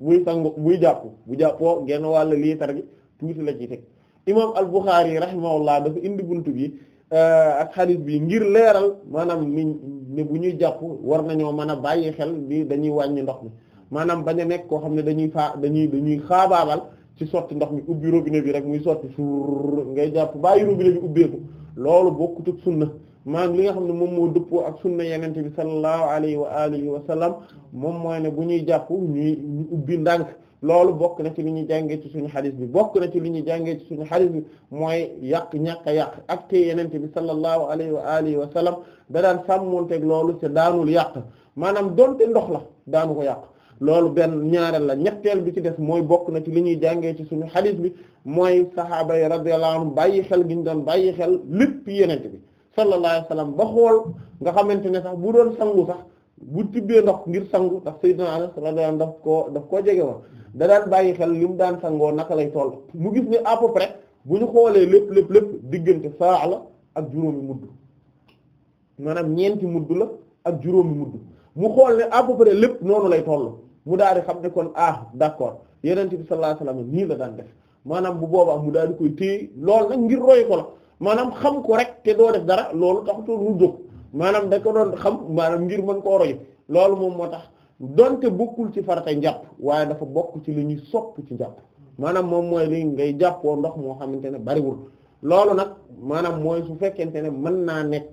muy sangu muy jàpp bu jàppoo genn wàll liitar gi tuuti la ci teg imam yi bukhari y rahimahullah dafa indi buntu bi euh, ak xadis bi ngir leeral maanaam niñ ne bu ñuy jàpp war nañoo mën a bàyyi xel bi dañuy wàññi ndox mi maanaam bañ a nekk koo xam ne dañuy faa dañuy dañuy xaabaabal ci sotti ndox mi ubbi robinet bi rek muy sotti suur ngay jàpp bàyyi robinet bi ubbeeku loolu bokkut ak sunna maanaam li nga xam ne moom moo dëppoo ak sunna yenente bi sallallahu alayhi wa alihi wa sallam moom mooy ne bu ñuy jàpp ñuy ubbi ndànk loolu bokk na ci li ñuy jàngee ci suñu xadis bi bokk na ci li ñuy jàngee ci suñu xadis bi mooy yàq ñàkk a yàq ak te yenente bi sallallahu alayhi wa alihi wa sallam da daan sàmmonteeg loolu te daanul yàq maanaam donte ndox la daanu ko yàq loolu benn ñaareel la ñetteel bi ci def mooy bokk na ci li ñuy jàngee ci suñu xadis bi mooy sahaaba yi radiyallahu anhum bàyyi xel gi ñu doon bàyyi xel lépp yenente bi sallallahu alayhi wa sallam ba xool nga xamante ne sax bu doon sangu sax bu tibbee ndox ngir sangu ndax sayyidina Anas radiyallahu anhu daf koo daf koo jege woon da daan bàyyi xel li mu daan sangoo naka lay toll mu gis ni à peu près bu ñu xoolee lépp lépp lépp diggante saa la ak juróomi mudd maanaam ñeenti mudd la ak juróomi mudd mu xool ne à peu lépp noonu lay toll mu daal di xam ne kon ah d'accord Yonent bi sallallahu alayhi wa sallam nii la daan def maanaam bu boobaa mu daa di loolu nag ngir roy ko la. maanaam xam ko rek te doo def dara loolu taxutul mu jóg maanaam da ko doon xam maanaam ngir mën koo roy loolu moom moo tax donte bokkul ci farata njàpp waaye dafa bokk ci li ñuy sopp ci njàpp maanaam moom mooy li ngay jàppoo ndox moo xamante ne bariwul loolu nag maanaam mooy su fekkente ne mën naa nekk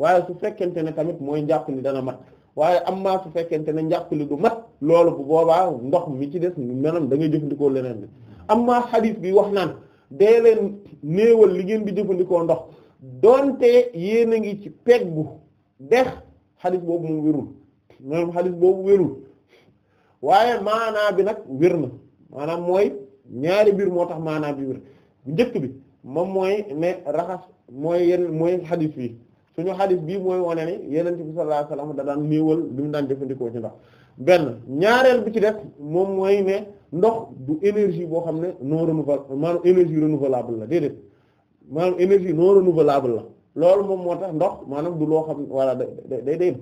waaye su fekkente ne tamit mooy njàpp li dana mat waaye am maa su fekkente ne njàpp li du mat loolu bu boobaa ndox mi ci des maanaam da ngay leneen bi am maa xadiis bi wax naan dee leen néewal li ngeen bi jëfandikoo ndox doonte yéen a ngi ci bu dex xadis boobu moom wérul maanaam xadis boobu wérul waaye maanaa bi nag wér na maanaam mooy ñaari mbir moo tax maanaa bi wér bu njëkk bi moom mooy ne raxas mooy yenn mooy xadis bi suñu xadis bii mooy wane ne yenente bi sallallahu alayhi wasallam da daan néewal li mu daan jëfandikoo ci ndox benn ñaareel bi ci def moom mooy ne ndox du énergie boo xam ne non renouvelable maanaam énergie renouvelable la déedéet maanaam énergie non renouvelable la loolu moom moo tax ndox maanaam du loo xam walla day day day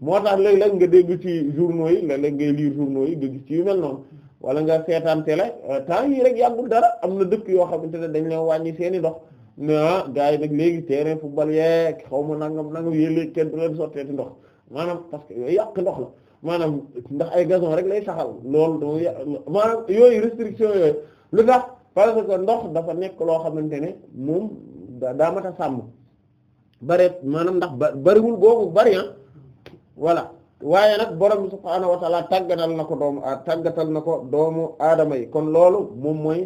moo tax léeg-léeg nga dégg ci journaux yi léeg-léeg ngay lire journaux yi ci yu mel noonu walla nga seetaan télé euh, temps yii rek yàggul dara am na dëkk yoo xamante ne dañ leen wàññi seeni ndox na ah, gars yi nag léegi terrain football yeeg xaw ma nangam nangam yéeg léegi kenn du leen sotteeti ndox maanaam parce que yooyu yàq ndox la. maanaam ndax ay gason rek lay saxal loolu doo ya yooyu restriction yooyu lu tax parce que ndox dafa nekk loo xamante ne moom daa mat sàmm bareet maanaam ndax ba bariwul googu bari ah. voilà waaye nag borom bi subhaanahu na ko doomu a tàggatal na ko doomu aadama yi kon loolu moom mooy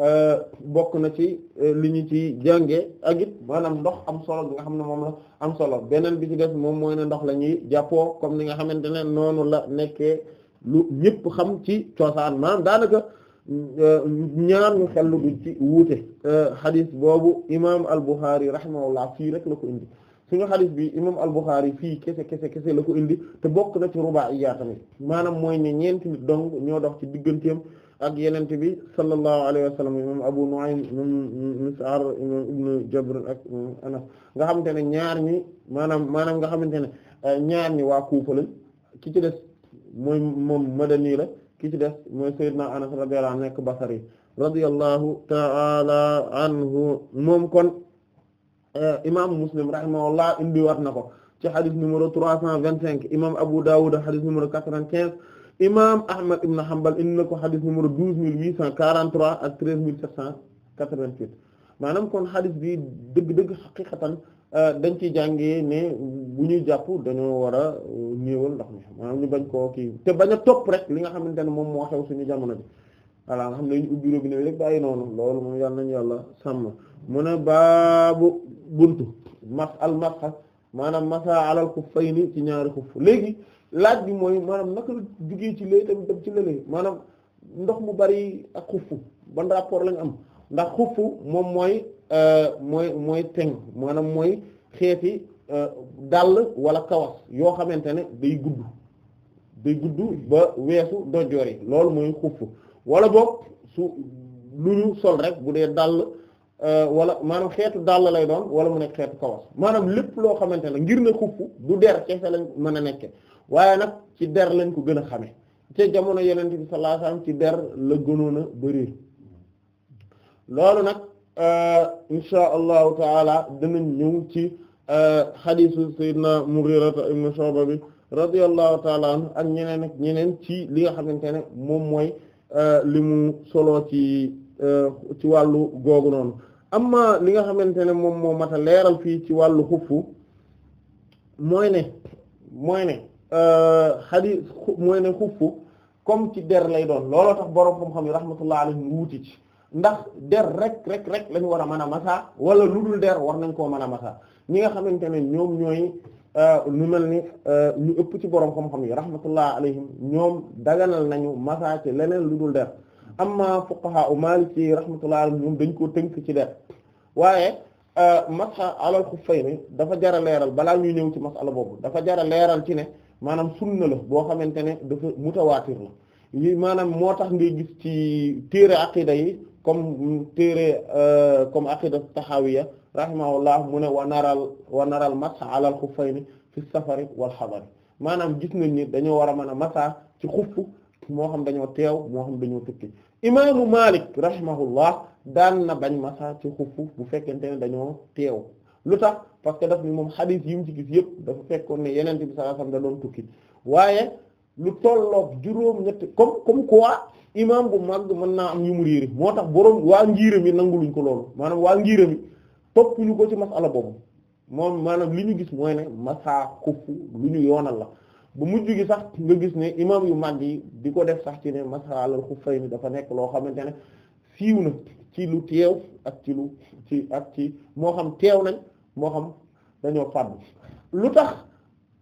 Euh, bokk na ci euh, li ñu ci jànge ak it maanaam ndox am solo bi nga xam ne moom la am solo beneen bi ci def moom mooy ne ndox lañuy jàppoo comme ni nga xamante ne noonu la nekkee lu ñëpp xam ci cosaan maanaam daanaka euh, ñaar ñu xellu du ci wuute xadis boobu imam al-Bukhari rahimahullah fii rek la ko indi suñu xadis bi imam al-Bukhari fii kese kese kese la ko indi te bokk na ci rubaa'iya tamit maanaam mooy ne ñeenti dong ñoo dox ci digganteem ak yeneen bi sallallahu alayhi wa sallam imam Abu Nu'aym imam Mis'ar imam Ibn Jabr ak nga xamante ne ñaar ñi maanaam maanaam nga xamante ne euh, ñaar ñi waa Kufa lañ ki ci des mooy moom madani la ki ci des mooy Seydina Anas radiyallahu anhu nekk Basri radiyallahu ta'ala anhu moom kon euh, imam Muslim rahimahullah indiwaat na ko ci hadith numéro 325 imam Abu Dawud hadith numéro 95 imam Ahmad ibn Hanbal indi na ko xadis numéro douze mille huit cent quarante trois ak treize mille sept cent quatre vingt huit maanaam kon xadis bi dëgg-dëgg xaqiqatan euh, dañ ci jànge ne bu ñuy jàpp dañoo war a euh, néewal ndox mi maanaam ñu bañ koo kii te bañ a topp rek li nga xamante ne moom moo xew suñu jamono bi voilà nga xam ne ñu ubbi robinet noonu loolu moom yàlla nañu yàlla sàmm mu ne baabu buntu mas al masxa maanaam masa alal xuffayni ci ñaari xuff léegi laaj bi mooy maanaam naka la jugee ci lay tamit dem ci lële maanaam ndox mu bari ak xufu ban rapport lañ am ndax xufu moom mooy euh, mooy mooy teng maanaam mooy xeeti euh, dàll wala kawas yoo xamante ne day gudd day gudd ba weesu dojoor yi loolu mooy xufu wala boog su lu ñu sol rek bu dee dàll Euh, wala maanaam xeetu dàll lay doon wala mu nekk xeetu kawas maanaam lépp loo xamante ne ngir ne xupp du der kese lañ mën a nekke waaye nag ci der lañ ko gën a xame te jamono yonent bi sallallahu alayhi ci der la gënoon a loolu nag euh, insha allahu taala dinañ ñëw ci euh, xadiisu sayyidina Mughira ibn Shu'ba bi radiyallahu taala anhu ak ñeneen ak ñeneen ci li nga xamante ne moom mooy li mu solo ci ci wàllu googu noonu am amma li nga xamante ne moom moo mat a leeral fii ci wàllu xuffu mooy ne mooy ne xadis euh, mooy ne xuffu comme ci der lay doon looloo tax borom xam-xam yi rahmatullah alayhim wuuti ci ndax der rek rek rek la war a mën a masaa wala lu dul der war nañ koo mën a masaa ñi nga xamante ne ñoom ñooy ñu euh, mel ni euh, ñu ëpp ci borom xam-xam yi rahmatullah alayhim ñoom daganal nañu masaa ci leneen lu dul der amma fuqaha u maliki rahmatullah ñoom dañ koo tënk ci der waaye euh, masha alal xuffayni dafa jara leeral balaa ñuy ñëw ci masala boobu dafa jara leeral ci ne maanaam sunna la boo xamante ne dafa mutawaatir la maanaam moo tax ngay gis ci téere aqida yi comme téere euh, comme aqida taxawiya rahimahullah mu ne wa naral wa naral masha alal xuffayni fi safari wal xabari maanaam gis nañ ni dañoo war a mën a masa ci xuff moo xam dañoo teew moo xam dañoo tukki imaamu Malik rahimahullah daan na bañ masa ci xufu bu fekkente ne dañoo teew lu tax parce que daf mi moom xadiis yi mu ci gis yëpp dafa fekkoon ne yeneen bi sallallahu alayhi wasallam da doon tukki waaye lu tolloog juróom ñetti comme comme quoi imaam bu mag mën naa am ñu mu réeri moo tax boroom waa ngiiram yi nanguluñ ko loolu maanaam waa ngiiram yi topp ñu ko ci masala boobu moom maanaam li ñu gis mooy ne masa xufu lu ñu yoonal la ba mujj gi sax nga gis ne imam yu mag yi di ko def sax ci ne masaalal xuffayni dafa nekk loo xamante ne siiw na ci lu teew ak ci lu ci ak ci moo xam teew nañ moo xam dañoo fàddu lu tax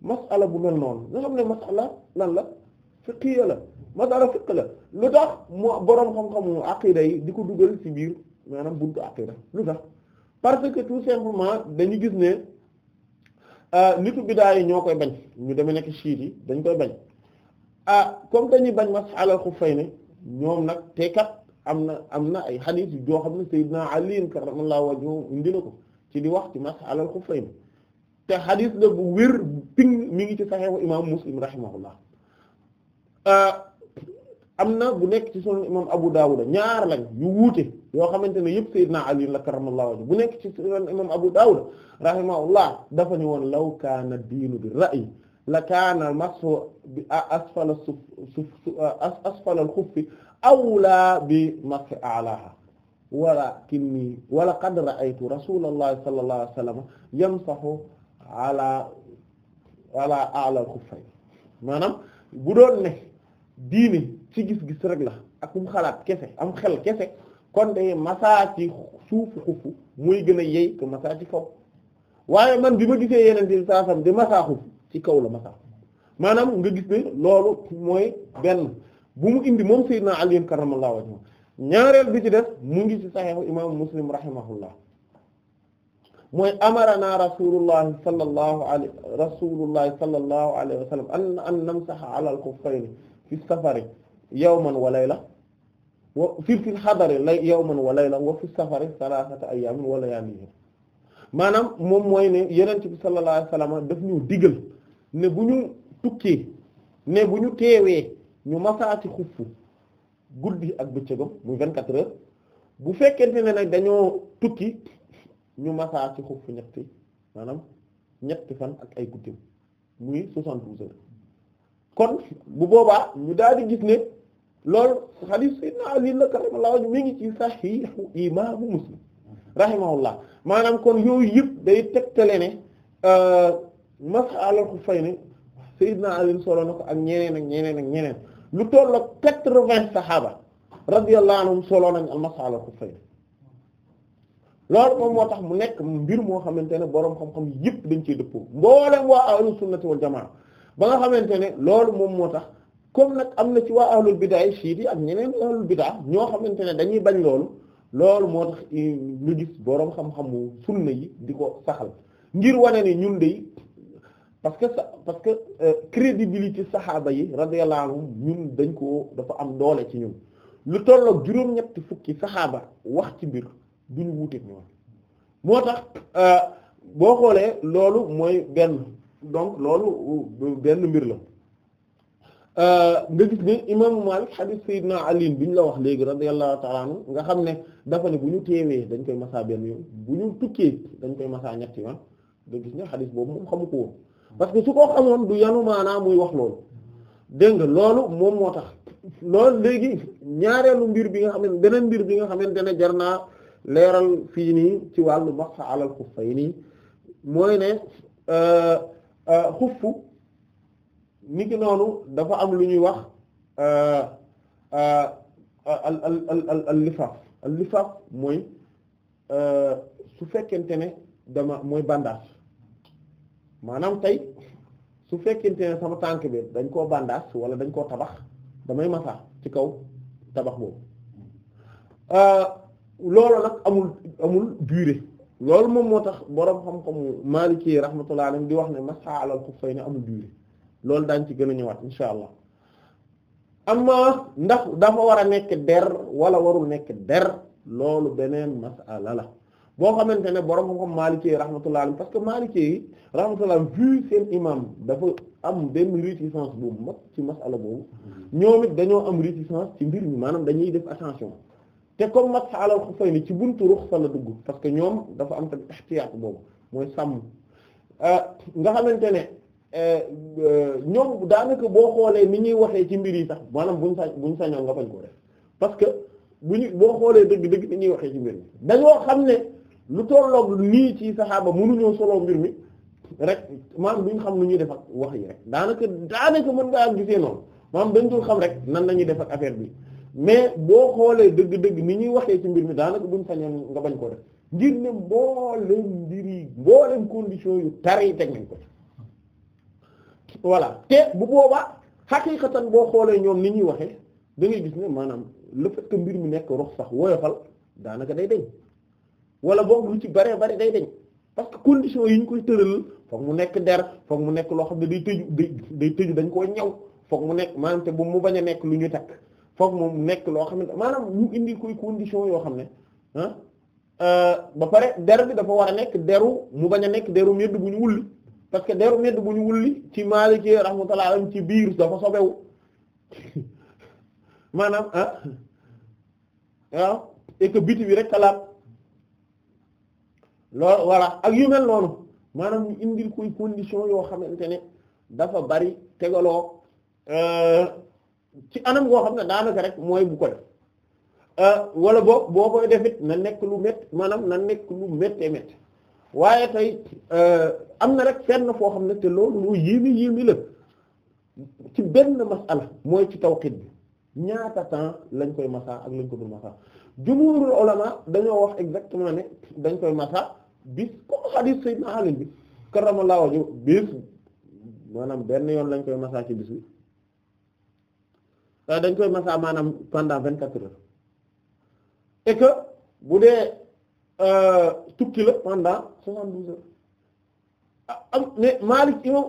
masala bu mel noonu nga xam ne masala lan la fiqhiya la masala fiqh la lu tax moo boroom xam-xamu aqida yi di ko dugal ci biir maanaam buntu aqida lu tax parce que tout simplement dañu gis ne Euh, nitu bidaa yi ñoo koy bañ ñu demee nekk chiit yi dañ koy bañ ah comme dañuy bañ mas fay xuffayni ñoom nag te kat am na am na ay xadiis yu xam ne Seydina Ali karramallahu wajhu indi na ko ci di wax ci mas alal xuffayni te xadiis la bu wér ping mi ngi ci saxiixu imaamu Muslim rahimahullah euh, am na bu nekk ci sunan imam Abu Dawud ñaar lañ yu wuute yoo xamante ne yëpp Seydina Ali la karamallahu wajhu bu nekk ci sunan imam Abu Dawud rahimahullah dafa ni woon law kaana diinu bi ra'yi la kaana mashu bi asfala suf suf asfala al-khuffi awlaa bi mashi a'laaha walaakinni wa laqad ra'aytu rasuulallahi sallallahu alayhi wa sallam yamsahu ala ala a'la al-khuffayn maanaam bu doon ne diini ci gis-gis rek la ak um xalaat kese am xel kese kon day masaa ci suufu xufu muy gën a yey ko masaa ci kaw waaye man bi ma gisee yeneen bi saa sam di masaa xuf ci kaw la masaa maanaam nga gis ne loolu mooy benn bu mu indi moom sayyidina Ali karramallahu wajhu ñaareel bi ci def mu ngi ci saxiixu imaamu Muslim rahimahullah mooy amarana rasulullahi sallallahu alayhi rasulullahi sallallahu alayhi wa an an namsaha ala al-xuffayni fi safari yawman wa layla wa fi fil xadari lay yawman wa layla wa fi safari salaasata ayyaamin wa layaaliin maanaam moom mooy ne yonent bi sallallahu alayhi wasallam daf ñu digal ne bu ñu tukkee ne bu ñu teewee ñu masaati xuffu guddi ak bëccëgam muy 24 heures bu fekkente ne nag dañoo tukki ñu masaati xuffu ñetti maanaam ñetti fan ak ay guddim muy 72 heures kon bu boobaa ñu daal di gis ne. loolu hadith sayyidina Ali la karamallahu wajhu mi ngi ci sahihu imaamu Muslim rahimahullah maanaam kon yooyu yëpp day tegtale ne euh, mas'alatul xufayni sayyidina Ali solo na ko ak ñeneen ak ñeneen ñeneen lu toll ak quatre-vingts saxaaba radiyallahu anhum solo nañ al-mas'alatul xufayni loolu moom moo tax mu nekk mbir moo xamante ne boroom xam-xam yëpp dañ ciy dëppoo mboolem waa ahlus sunnati wal ba nga xamante ne loolu moom moo tax. comme nag am na ci waa ahlul bidaa chiites yi ak ñeneen ahlul bidaa ñoo xamante ne dañuy bañ loolu loolu moo tax ñu gis boroom xam-xamu sunna yi di ko saxal ngir wane ni ñun de parce que sa parce que euh, crédibilité saxaaba yi radiyallahu anhum ñun dañ ko dafa am doole ci ñun lu tollook juróom-ñetti fukki saxaaba wax ci mbir duñu wuuteeg ñoom moo tax euh, boo xoolee loolu mooy benn donc loolu benn mbir la Euh, nga gis ne imaamu Maalik xadiis Seydina Ali bi ñu la wax léegi radiyallahu ta'ala anhu nga xam ne dafa ne bu ñu teewee dañ koy masaa benn yoon bu ñu tukkee dañ koy masaa ñetti yoon nga gis ne xadiis boobu moom xamu ko woon parce que su ko xamoon du yanu maanaa muy wax loolu dégg nga loolu moom moo tax loolu léegi ñaareelu mbir bi nga xam ne beneen mbir bi nga xamante ne jar naa leeral fii nii ci wàllu masaa alal xuffa yi nii mooy ne euh, euh, xuffu niki noonu dafa am lu ñuy wax euh, euh, al al al al lifaaf al lifaaf mooy euh, su fekkente ne dama mooy bandage maanaam tey su fekkente ne sama tànk bi dañ koo bandage wala dañ koo tabax damay masa ci kaw tabax boobu loolu nag amul amul durée loolu moom moo tax boroom xam-xamu Maliki rahmatullah alayhi di wax ne masa alal xuffayni amul durée loolu daañ ci gën a ñëwaat insha allah am amma ndax dafa war a nekk der wala warul nekk der loolu beneen masala la boo xamante ne borom xam-xam Maliki yi rahmatullah alayhi parce que Maliki yi rahmatullah vu seen imam dafa am benn réticence bu mag ci masala boobu mm-hmm. ñoom it dañoo am réticence ci mbir mi maanaam dañuy def attention te comme masala xufayni ci buntu ruxsa la dugg parce que ñoom dafa am tamit ihtiyaat boobu mooy sàmm euh, nga xamante ne Euh, euh, ñoom daanaka boo xoolee ni ñuy waxee ci mbir yi sax maanaam buñ sañ buñ sañoon nga bañ koo def parce que bu ñu boo xoolee dëgg-dëgg ni ñuy waxee ci mbir mi xam ne lu tolloog nii ci saxaaba mënuñoo soloo mbir mi rek maanaam duñ xam lu ñuy def wax yi rek daanaka daanaka mën ngaa gisee noonu maanaam dañ dul xam rek nan la ñuy def affaire bi mais boo xoolee dëgg-dëgg ni ñuy waxee ci mbir mi daanaka buñ sañoon nga bañ koo def ngir ne mboolem mbir yi mboolem condition yu tari yi teg nañ ko ci voilà te bu boobaa xaqiiqatan boo xoolee ñoom ni ñuy waxee da ngay gis ne maanaam le fait mbir mu nekk rox sax woyofal daanaka day deñ wala boog lu ci bare bare day deñ parce que conditions yi ñu koy tëral foog mu nekk der foog mu nekk loo xam ne day tëju day day tëju dañ koo ñaw foog mu nekk maanaam te mu bañ a nekk lu ñu takk foog mu nekk loo xam ne maanaam ñu indi koy condition yoo xam ne ah euh, ba pare der bi dafa war a nekk deru mu bañ a nekk deru medd bu ñu wulli parce que deru medd bu ñu wulli ci Maliki rahmatullah alayhi ci biir dafa sobewu maanaam ah waaw et bi rek laab loolu voilà ak yu mel noonu maanaam ñu indil koy condition yoo xamante ne dafa bari tegaloo euh, ci anam goo xam ne daanaka rek mooy bu ko def euh, wala boo boo koy defit na nekk lu métt maanaam na nekk lu méttee métt waaye tey euh, am na rek fenn foo xam ne te loolu lu yéemi yéemi la ci benn masala mooy ci tawqit bi ñaata temps lañ koy masa ak lañ ko dul masa jumhurul ulama dañoo wax exactement ne dañ koy masa bis comme hadith sayyidina Ali bi karramallahu wajhu bis maanaam benn yoon lañ koy masa ci bis bi dañ koy masa maanaam pendant vingt quatre heures et bu dee Euh, tukki la pendant soixante-douze heures ah, am mais Maalik imam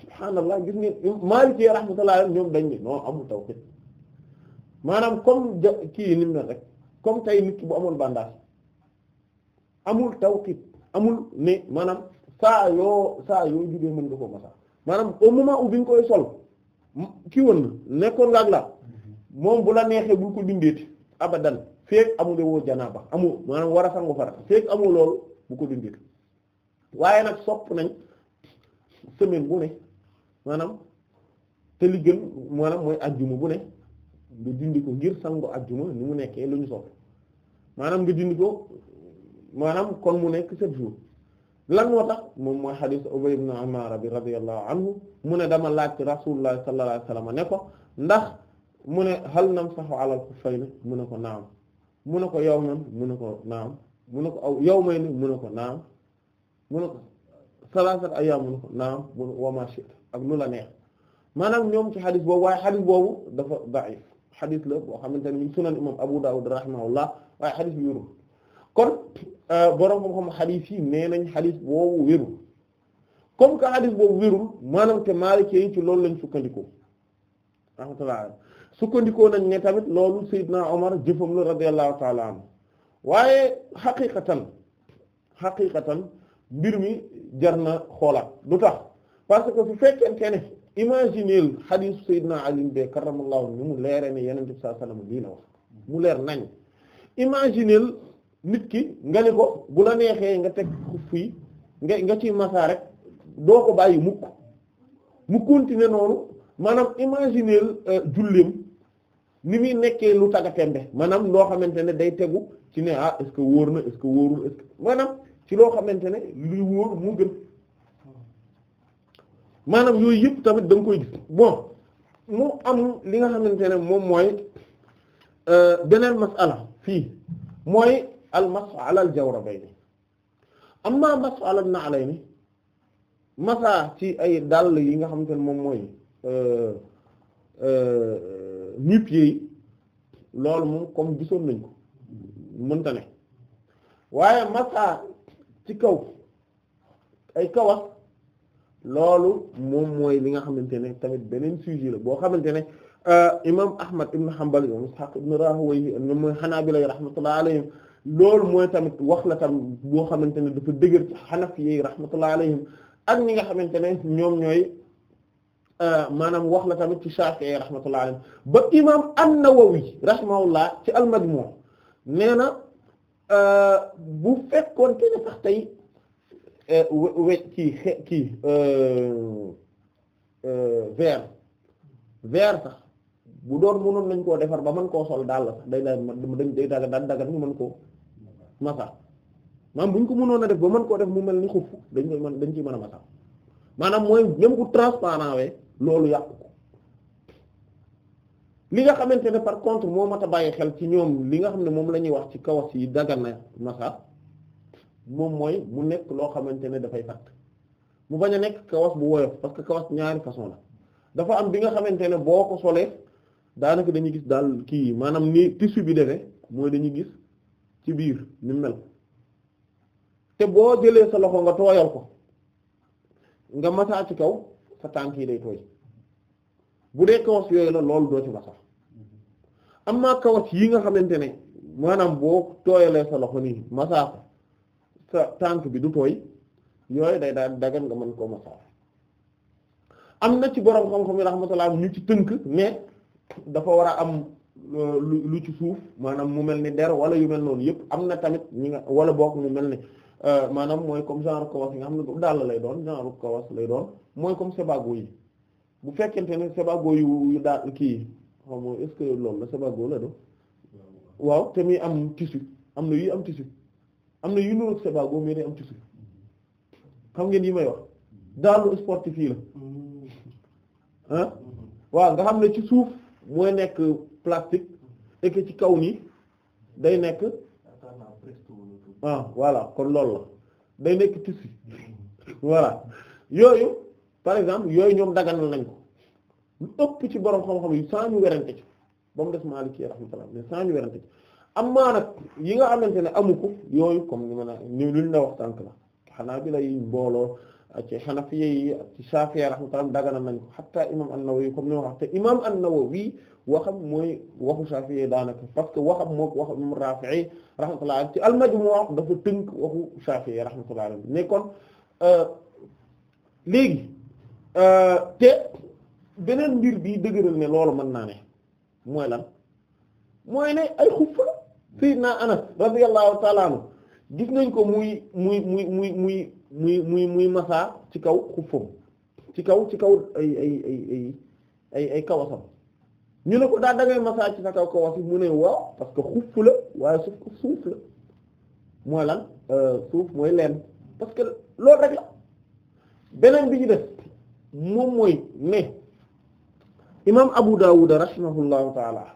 subhaanallah gis ngeen Maalik yi rahmatullah ñoom dañ ni non amul tawhid maanaam comme ja kii nim na rek comme tey nit bu amoon bandage amul tawhid amul ne maanaam saa yoo saa yoo jugee mën nga ko masa maanaam au moment koy sol kii na nekkoon nga la mm-hmm. moom bu la neexee bul ko dindeeti abadan feek amule woo janaaba amul maanaam war a sangu farat feek amul loolu bu ko dindil waaye nag sopp nañ semaine bu ne maanaam te li gën maanaam mooy ajjuma bu ne nga dindi ko ngir sangu ajjuma ni mu nekkee lu ñu sopp maanaam nga dindi ko maanaam kon mu nekk sept jours lan moo tax moom mooy xadiis Ubay ibn Amaara bi radiyallahu anhu mu ne dama laaj ci Rasulullah sallallahu alayhi wasallam ne ko ndax mu ne hal nam saxu alal xuffayni mu ne ko naam mu ne ko yow man mu ne ko naam mu ne ko aw yow may ni mu ne ko naam mu ne ko salaasat ayyaam mu ne maa shi'ta ak lu la neex maanaam ñoom ci xadis boobu waaye xadis boobu dafa da'if xadis la boo xamante ne min sunan imam Abu Dawud rahimahullah waaye xadis bi wérul kon euh, borom xam-xam xadis yi nee nañ xadis boobu wérul comme que xadis boobu wérul maanaam te Maalik yi ci loolu lañ sukkandiku rahmatullah sukkandikoo nañ ne tamit loolu Seydina Omar jëfam la radiyallahu taala anhu waaye xaqiqatan xaqiqatan mbir mi jar na xoolaat lu tax parce que su fekkente ne imagineel xadiisu Seydina Ali be karamallahu ni mu leere ne yenente bi sallallahu alayhi wasallam lii la wax mu leer nañ imagineel nit ki nga ni ko bu la neexee nga teg fii nga nga ciy masaa rek doo ko bàyyi mukk mu continuer noonu maanaam imagineel euh, julleem ni muy nekkee lu taga tembe maanaam loo xamante ne day tegu ci ne ah est-ce wóor na est-ce que wóorul ci loo xamante ne luy wóor mu gën maanaam yooyu yëpp tamit da nga koy gis bon mu am li nga xamante ne moom mooy euh, beneen masala fii mooy al masu ala al ci ay dàll yi nga xamante ne moom mooy euh, euh, nu-pieds yi loolu moom comme gisoon nañ ko mënta ne waaye masa ci kaw ay kawa loolu moom mooy li nga xamante ne tamit beneen sujet la boo xamante ne euh, imam ahmad ibn hanbal imam ishaq ibn rahawayhi mooy hanabila rahmatullah alayhim loolu mooy tamit wax la tam boo xamante ne dafa dëgër ci xanaf yi rahmatullah alayhim ak ñi nga xamante ne ñoom ñooy Euh, maanaam wax la tamit ci Shafi'i rahmatullah alayhi ba imam an na rahimahullah ci al-Majmu' nee na euh, bu fekkoon te ne sax tey euh, we kii kii vert vert sax bu doon mënoon nañ koo defar ba man koo sol daal la sax day daal day daal daal dagal ñu mën koo masa maanaam bu ñu ko mënoon a def ba mën koo def mu mel ni xuf dañ koy mën dañ ciy mën a masa maanaam mooy ñoom ku transparent we loolu yàqu ko li nga xamante ne par contre moo mat a bàyyi xel ci ñoom li nga xam ne moom la ñuy wax ci kawas yi dagan na masa moom mooy mu nekk loo xamante ne dafay fatt mu bañ a nekk kawas bu woyof parce que kawas ñaari façon la dafa am bi nga xamante ne boo ko solee daanaka dañuy gis daal kii maanaam ni tissu bi defee mooy dañuy gis ci biir ni mel te boo jëlee sa loxo nga tooyal ko nga masaa ci kaw sa tànk yi day tooy bu dee kawas yooyu la loolu doo ci ba am naa kawas yi nga xamante ne maanaam boo tooyalee sa loxo nii masaa sa tànk bi du tooy yooyu day daal dagan nga mën koo masaa am na ci borom xam-xam yi rahmatullah ñu ci tënk ne dafa war a am euh, lu lu ci suuf maanaam mu mel ni der wala yu mel noonu yëpp am na tamit ñi nga wala bokk mu mel ni euh, maanaam mooy comme genre kawas yi nga xam ne daal lay doon genre kawas lay doon mooy comme sebago yi bu fekkente ne sebago yu yu daal kii xam nga est-ce la sebago la do waaw te muy am tissu am na yu am tissu am na yu nuru ak sebago mais day am tissu xam ngeen yi may wax daalu sportif yi la mm-hmm. ah waaw nga xam ne ci suuf mooy nekk plastique et ci kaw nii day nekk walla ah, kon loolu la day nekk tissu mm-hmm. <laughs> voilà yooyu. par exemple yooyu ñoom daganal nañ ko lu ëpp ci borom xam-xam yi sans ñu werante ci ba mu des Maliki rahmatullah mais sans ñu ci am maa nag yi nga xamante ne amu ko yooyu comme ni ma la ni luñ la wax tànk la xanaa bi lay mbooloo ci xanafiya yi ci Shafi'i rahmatullah daganal nañ ko xataa imam an-Nawawi comme ni ma wax te imam an-Nawawi waxam mooy waxu Shafi'i daanaka parce que waxam mook wax imam Rafi'i rahmatullah ci al-Majmu' dafa tënk waxu Shafi'i rahmatullah mais kon euh, léegi. Euh, te beneen mbir bii dëgëral ne loolu mën naa ne mooy lan mooy ne ay xuf la sayyidina Anas radiyallahu ta'ala anhu gis nañ ko muy muy muy muy muy muy muy muy masaa ci kaw xufam ci kaw ci kaw ay ay ay ay ay ay kawasam ñu ne ko daal da ngay masaa ci sa kaw mu ne waaw parce que xuf la waaye suuf suuf la mooy lan euh, suuf mooy leen parce que loolu rek la beneen bi ñu def moom mooy ne imaam Abu Dawud rahimahullahu taala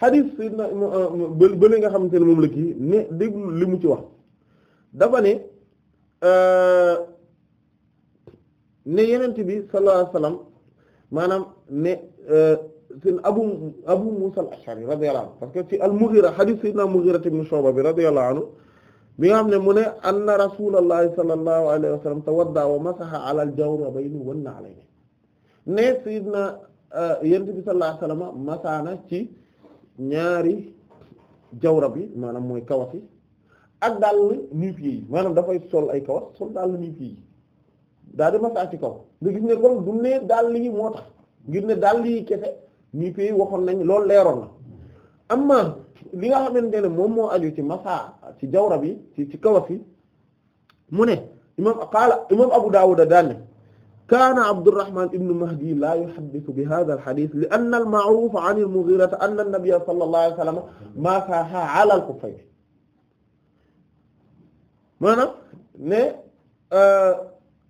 xadiis sayyidina uh, bële nga xam ne moom la kii ne déglu li mu ci wax dafa ne uh, ne yenent bi sallallahu alayhi wasallam maanaam ne uh, seen abu Musa al-Ash'ari radiyallahu anhu parce que ci al-Mughira xadiis sayyidina Mughira ibn Shu'ba bi radiyallahu anhu mi nga xam ne mu ne anna rasulallahi sallallahu alayhi wa sallam tawadda wa masaha ala al jawrabayni wan na'layni ne sayyidna uh, yent bi sallallahu alayhi masaana ci ñaari jawrab yi maanaam mooy kawas yi ak daal nii fii maanaam dafay sol ay kawas sol daal nii fii daal di masaa ci kaw nga ne kon du ne daal ngir ne daal yi kese nii fii waxoon nañ lool leeroon na amma li nga xamante ne moom moo aju ci masa ci jawra bi ci ci kawas yi mu ne imam qaala imam Abu Dawud daan ne kaana Abdurrahman ibn Mahdi laa yuhaddithu bi hadha al-hadith li anna al-ma'rufa 'an al-Mughira anna an-nabiyya sallallahu alayhi wa sallam masaha 'ala al-khuffayn maanaam ne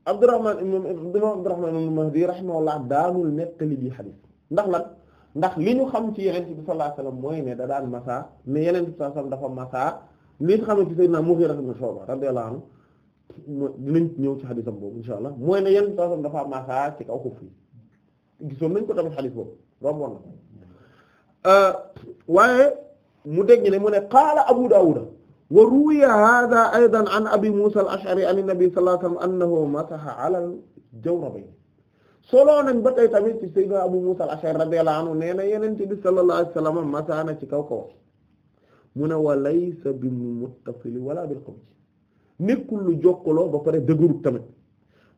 Abdurrahman ibn Abdurrahman ibn Mahdi rahimahullah daanul nettali bi hadith ndax lan ndax li ñu xam ci yeneen bi sallallahu alayhi wasallam mooy ne da daan massa ne yeneen bi sallallahu alayhi wasallam dafa massa li xamante ne naa Mughira ibn Shu'ba radiyallahu anhu mooy dinañ ñëw ci xadisam boobu insha allah mooy ne yeneen bi sallallahu alayhi wasallam dafa massa ci kaw xuf yi gisoon nañ ko tamit xadis boobu romboon na euh, waaye mu dégg ne mu ne qaala Abu Dawud wa ruwiya hadha aydan an Abi Musa al-Ash'ari an an-nabi sallallahu alayhi wasallam annahu masaha ala al-jawrabayn solo nañ ba tey tamit ci sayyidina Abu Musa al-Ash'ari radiyallahu anhu nee na yenente bi sallallahu alayhi wasallam masaana ci kaw kaw mu ne wa laysa bi muttasili wala bil qabj nekkul lu jokkaloo ba pare dëgërut tamit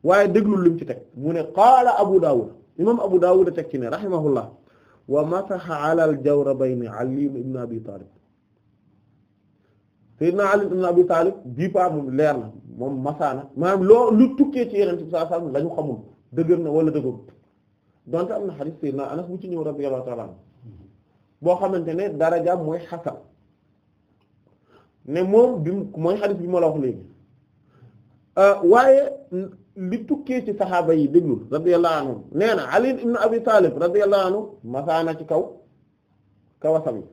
waaye déglul lim ci teg mu ne qaala Abu Dawud imam Abu Dawud teg ci ne rahimahullah wa masaha ala al-jawrabayni Ali ibn Abi Talib sayyidina Ali ibn Abi leer na moom masaana maanaam loo lu tukkee ci yen bi sallallahu alayhi wasallam lañu xamul dëgër na wala dëgëru donte am na xadis sayyidina Anas bu ci ñëw radiyallahu ta'ala boo xamante ne daraja mooy xasan ne moom bi mooy xadis bi ma la wax léegi euh, waaye li tukkee ci saxaaba yi déglu radiyallahu anhu nee na Ali ibn Abi Talib radiyallahu anhu masaana ci kaw kawasam yi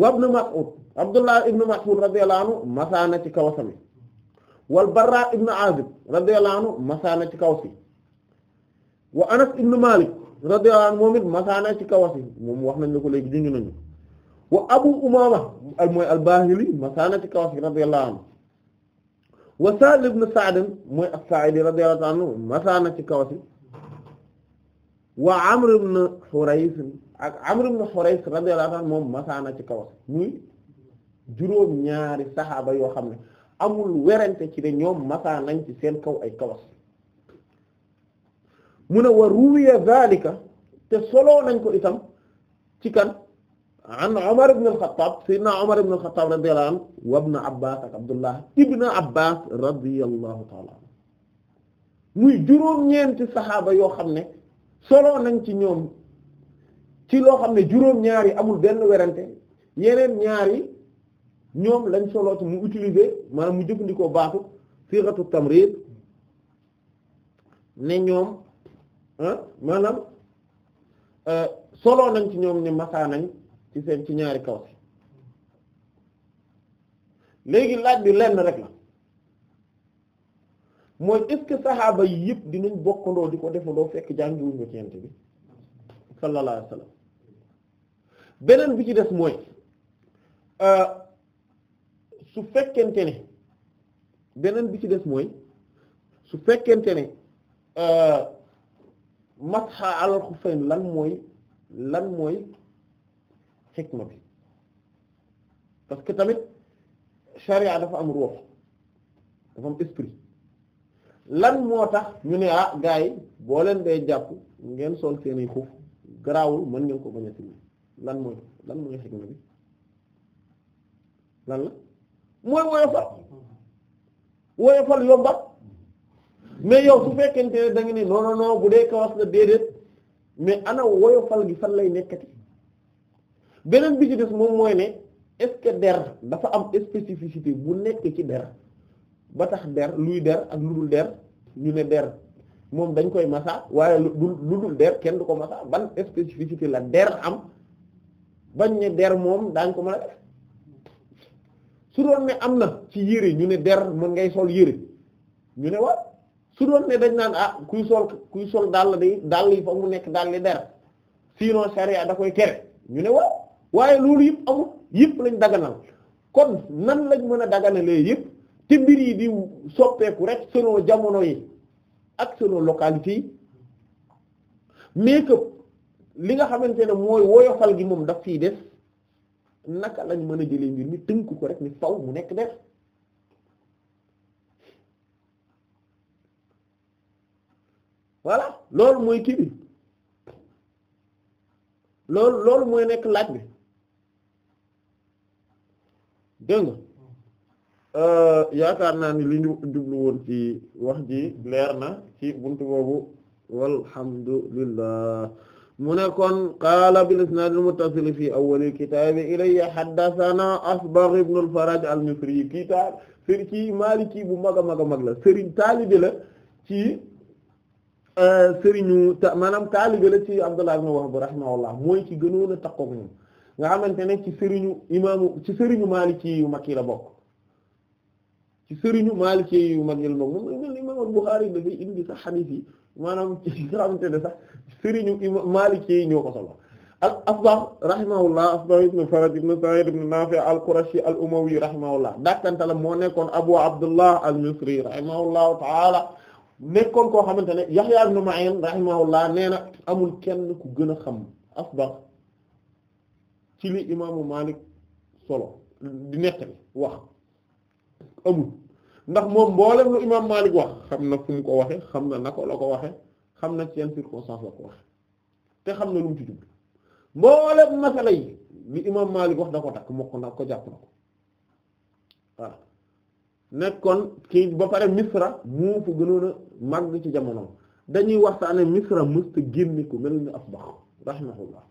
wa ibn Mas'ud Abdullah ibn Mas'ud radiyallahu anhu masaana ci kawasam yi wal Barra ibn Azib radiyallahu anhu masaana ci kaw si wa Anas ibn Malik radiyallahu anhu moom it masaana ci kaw wax nañ la ko léegi junj nañu wa ci kaw si radiyallahu mooy as-Sa'idi ci kaw si wa ci kaw si muy juróom ñaari saxaaba yoo xam ne. amul werante ci ne ñoom masaa nañ ci seen kaw ay kawas mu ne wa ruwiya zalika te solo nañ ko itam ci kan an Umar ibn al-Khattab sayyidina Umar ibn al-Khattab radiyallahu anhu wa ibn Abbas ak Abdullah ibn Abbas radiyallahu ta'ala anhu muy juróom-ñeenti saxaaba yoo xam ne solo nañ ci ñoom ci loo xam ne juróom-ñaar amul benn werante yeneen ñaari ñoom lañ solooti mu utiliser maanaam mu jëfandikoo baatu siiratu tamrid ne ñoom ah, maanaam euh, soloo nañ ci ñoom ni masaa nañ ci seen ci ñaari kaw si léegi laaj bi lenn rek la mooy est-ce yi yëpp dinañ bokkandoo di ko defandoo fekk jàngiwuñ ko ci bi sallallahu alayhi beneen bi ci des mooy euh, su fekkente ne beneen bi ci des mooy su fekkente ne euh, masxa alal xuffayn lan mooy lan mooy xikma bi parce que tamit charia dafa am ruux dafa am esprit lan moo tax ñu ne ah gars yi boo leen dee jàpp ngeen sol seeni xuf garaawul mën ngeen ko bañ a lan mooy lan mooy xikma bi lan la mooy woyofal woyofal yombal mais yow su fekkente ne da nga ne non non non bu dee kawas la déedéet mais ana woyofal gi fan lay nekkati beneen bi ci des moom mooy ne est-ce der dafa am spécificité bu nekk ci der ba tax der luy der ak lu dul der ñu ne der moom dañ koy masa waaye lu dul der kenn du ko masa ban spécificité la der am bañ ne der moom daañ ko mën a def su doon ne am na ci yére ñu ne der mën ngay sol yére ñu ne wa su doon ne dañ naan ah kuy sol kuy sol dàll day dàll yi fa mu nekk dàll yi der sinon charia da koy tere ñu ne wa waaye loolu yëpp amul yëpp lañ daganal kon nan lañ mën a daganalee yëpp te mbir yi di soppeeku rek selon jamono yi ak selon localité yi mais que li nga xamante ne mooy woyofal gi moom daf fii des naka lañ mën a jëlee mbir mi tënku ko rek ni faw mu nekk def voilà loolu mooy kii bi loolu mooy nekk laaj bi dégg nga euh, yaakaar naa ni li ñu jublu woon ci wax ji leer na ci buntu boobu walhamdulillah mu ne kon qaala bil isnaad al muttasil fi awwal al kitaab ilayya haddathana Asbagh ibn al Faraj al Misri yi kii taal sëriñ kii Maliki bu mag a mag a mag la sëriñ taalibe la ci euh, sëriñu maanaam taalibe la ci Abdullah ibn Wahb rahimahullah mooy ci gënoon a takkook ñun nga xamante ne ci sëriñu imaamu ci sëriñu Maliki yu mag yi la bokk ci sëriñu Maliki yu mag yi la bokk moom imam al Bukhari dafay indi sax xadiis yi maanaam ci nga xamante ne sëriñu imam Maalik yi ko solo ak Asbax rahimahullah Asbax ibn Faraj ibn Sa'id ibn Nafi' al-Qurashi al-Umawi rahimahullah dàkkantala moo nekkoon Abu Abdullah al-Misri rahimahullahu ta'ala nekkoon koo xamante ne Yahya ibn Ma'in rahimahullah nee na amul kenn ku gën a xam Asbax ci li imaamu Maalik solo di nettali wax amul ndax moom mboolem lu imaam Maalik wax xam na fu ko waxe xam na nako ko waxe xam na seen circonstance la ko wax te xam na lu mu ci jublu mboolem masala yi li imam Malik wax da ko takk mokk na ko jàpp na ko waaw nekkoon kii ba pare misra mu fu gënoon a ci jamono dañuy waxtaane misra mësta génne ko mel ni asbax rahimahullah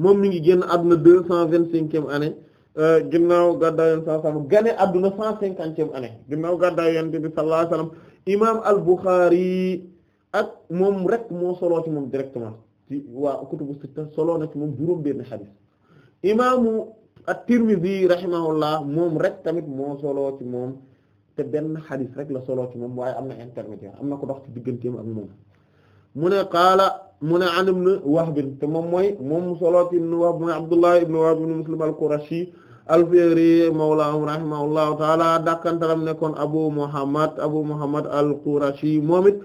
moom mi ngi génn àdduna deux cent vingt-cinquième année Euh, ginnaaw gàddaay yonent sallallahu alayhi wasallam gane adduna cent cinquantième année ginnaaw gàddaay yonent bi sallallahu alayhi wasallam imaam al-Bukhari ak moom rek moo soloo ci moom directement ci waa kutubu sitta soloo na ci moom juróom benn xadis imaamu at-Tirmidhi rahimahullah moom rek tamit moo soloo ci moom te benn xadis rek la soloo moom waaye am na intermédiaire am na ko dox ci digganteem ak moom mu ne qaala mu ne an ibn Wahb te moom mooy moom solo ci ibn Wahb mooy Abdullah ibn Wahb ibn Muslim al-Qurashi al-Fihri mawlaahum rahimahullahu taala dakkantaram nekkoon Abu Muhammad Abu Muhammad al-Qurashi moom it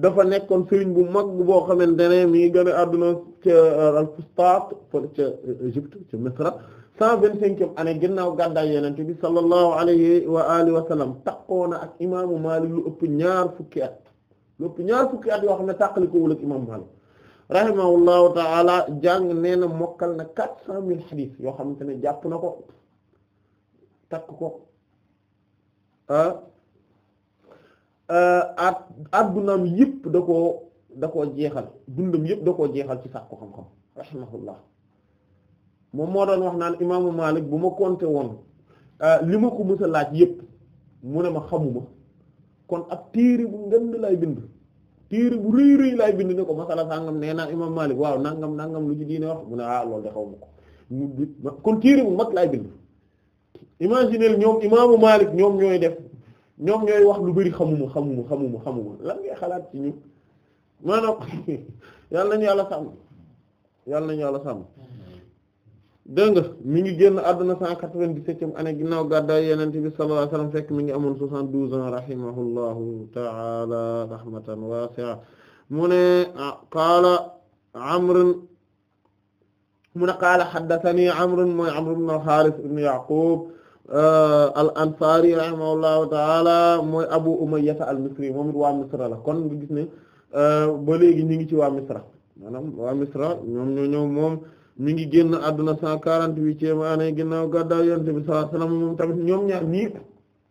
dafa nekkoon sëriñ bu mag boo xamante ne mi ngi gën a adduna ca al-Fustat ca Égypte ca Misra cent vingt-cinquième année ginnaaw gàddaay Yonent bi sallallahu alayhi wa alihi wa sallam ak imaamu Maalik lu ëpp ñaar fukki at lépp ñaar fukki at yoo xam ne tàqalikoowul ak imam Maalik rahimahullahu taala jàng nee na mokkal na quatre cent mille xadiis yoo xamante ne jàpp na ko takk ko ah, ah, at addunaam yëpp da koo da koo jeexal dundam yëpp da koo jeexal ci sàkku xam-xam rahimahullah moom moo doon wax naan imaamu Maalik bu ma compter woon ah, li ma ko mës laaj yëpp mu ne ma xamuma kon ab téere bu ngënd lay bind téere bu rëy rëy lay bind ne ko masala sangam nee naa imam Malik waaw nangam nangam lu ci diine wax mu ne ah loolu de xaw ma ko mu kon téere bu mag lay bind imaginez ñoom imaamu Malik ñoom ñooy def ñoom ñooy wax lu bari xamuma xamuma xamuma xamuma lan ngay xalaat ci ñu maanaam <laughs> yàlla nañu yàlla sàmm yàlla nañu yàlla sàmm dégg nga mi ngi génn àdduna cent quatre-vingt-dix-septième année ginnaaw gàddaay Yonent bi sallallahu fekk mi ngi amoon soixante-douze ans ta'ala rahmatan wasi'a mu ne qaala Amr mu ne qaala haddathani Amr mooy Amr ibn al-Harith ibn Ya'qub al-Ansari ta'ala mooy Abu Umayya al moom it Misra la kon nga gis ne ba léegi ñu ngi ci waa Misra maanaam waa Misra ñoom ñoo moom mi ngi génn àdduna cent quarante-huitième année ginnaaw gàddaay yonent bi sallallahu alayhi wasallam moom tamit ñoom ñaar ñii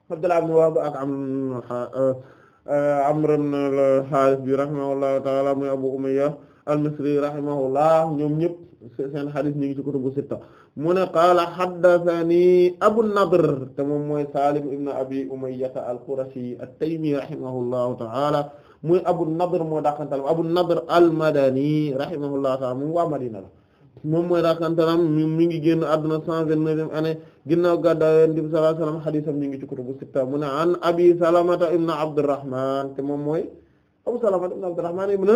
Abdullah ak Amr ibn euh, al bi rahimahullahu ta'ala muy Abu Umayya al-Misri rahimahullah ñoom ñëpp seen hadith ngi mu ne qaala haddathani Abu an-Nadr te moom mooy Salim ibn Abi Umayya al-Qurashi at-Taymi rahimahullahu ta'ala muy Abu an-Nadr moo dàqantal Abu an-Nadr ta'ala moom waa Madina la moom mooy daakantaram mi ngi génn àdduna cent vingt-neuvième année ginnaaw gàddaay Yonent bi sallallahu alayhi wasallam ngi ci kutubu sitta mu ne an abi salamata ibn abdurrahman te moom mooy abu salamata ibn abdurrahman ibn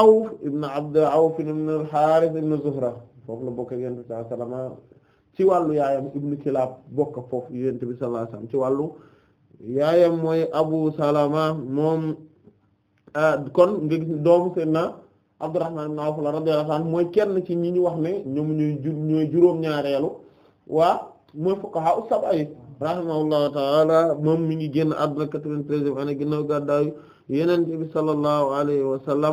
awf ibn abd awf ibn al-harith ibn zuhra foofu la bokk ak Yonent bi ci wàllu yaayam ibn kilab bokk foofu Yonent ci wàllu yaayam mooy abu salama moom ah, kon nga gis na Abdurrahman ibn Awf radiyallahu anhu mooy kenn ci ñi ñu wax ne ñoom ñu ñooy juróom-ñaareelu waa mooy fuqaha as-sab'a yi rahimahullahu ta'ala moom mi ngi génn àdduna 93 ans ginnaaw gàddaay Yonent bi sallallahu alayhi wa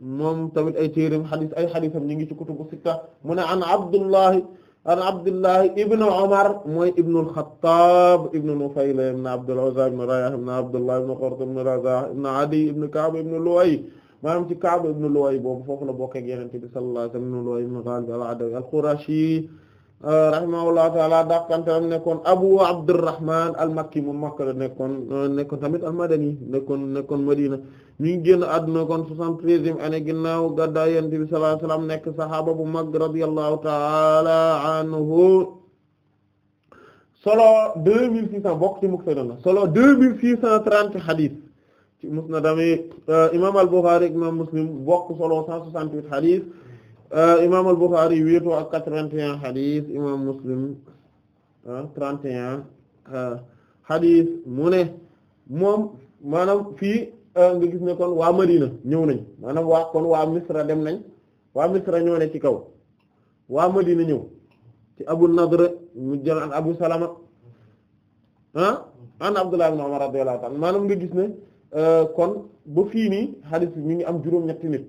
moom tamit ay téereem xadis ay xadisam ñu ngi ci kutubu sitta mu ne an Abdullahi an Abdullahi Ibn Omar mooy Ibn al-Khattab Ibn Nufayl Ibn Abdul Uzza Ibn Rayah Ibn Abdullah Ibn Khurt Ibn Razah Ibn Adi Ibn Ka'b Ibn Lu'ay maanaam ci Ka'b Ibn Lu'ay boobu foofu la bokk ak Yonent bi sallallahu alayhi wa sallam Ibn Lu'ay Ibn Ghalib al-Adawi al-Qurashi Euh, rahimahullahu taala dàqantaram nekkoon Abu Abdurrahman al mu moom Makka la nekkoon euh, nekkoon tamit al-Madani nekkoon nekkoon Madina mi ngi génn kon soixante-treizième année ginnaaw gaddaa Yonent bi sallallahu alayhi nekk saxaaba bu mag radiyallahu taala anhu solo deux mille six cent bokk ci musnadam solo deux mille six cent trente hadith ci musnadam euh, imaam al-Bukhari Muslim bokk solo cent soixante-huit hadith Euh, imam al-Bukhari wéetoo ak quatre-vingt-un xadis imam Muslim ah, trente et un euh, mu ne moom maanaam fii euh, nga gis ne kon waa Madina ñëw nañ maanaam waa kon waa Misra dem nañ waa Misra ñoo ne ci kaw waa Madina ñëw ci Abu Nadr mu jël an Abu Salama ah an Abdullah ibn Umar radiyallahu ta'ala maanaam nga gis ne kon ba fii nii xadis bi mi ngi am juróom-ñetti nit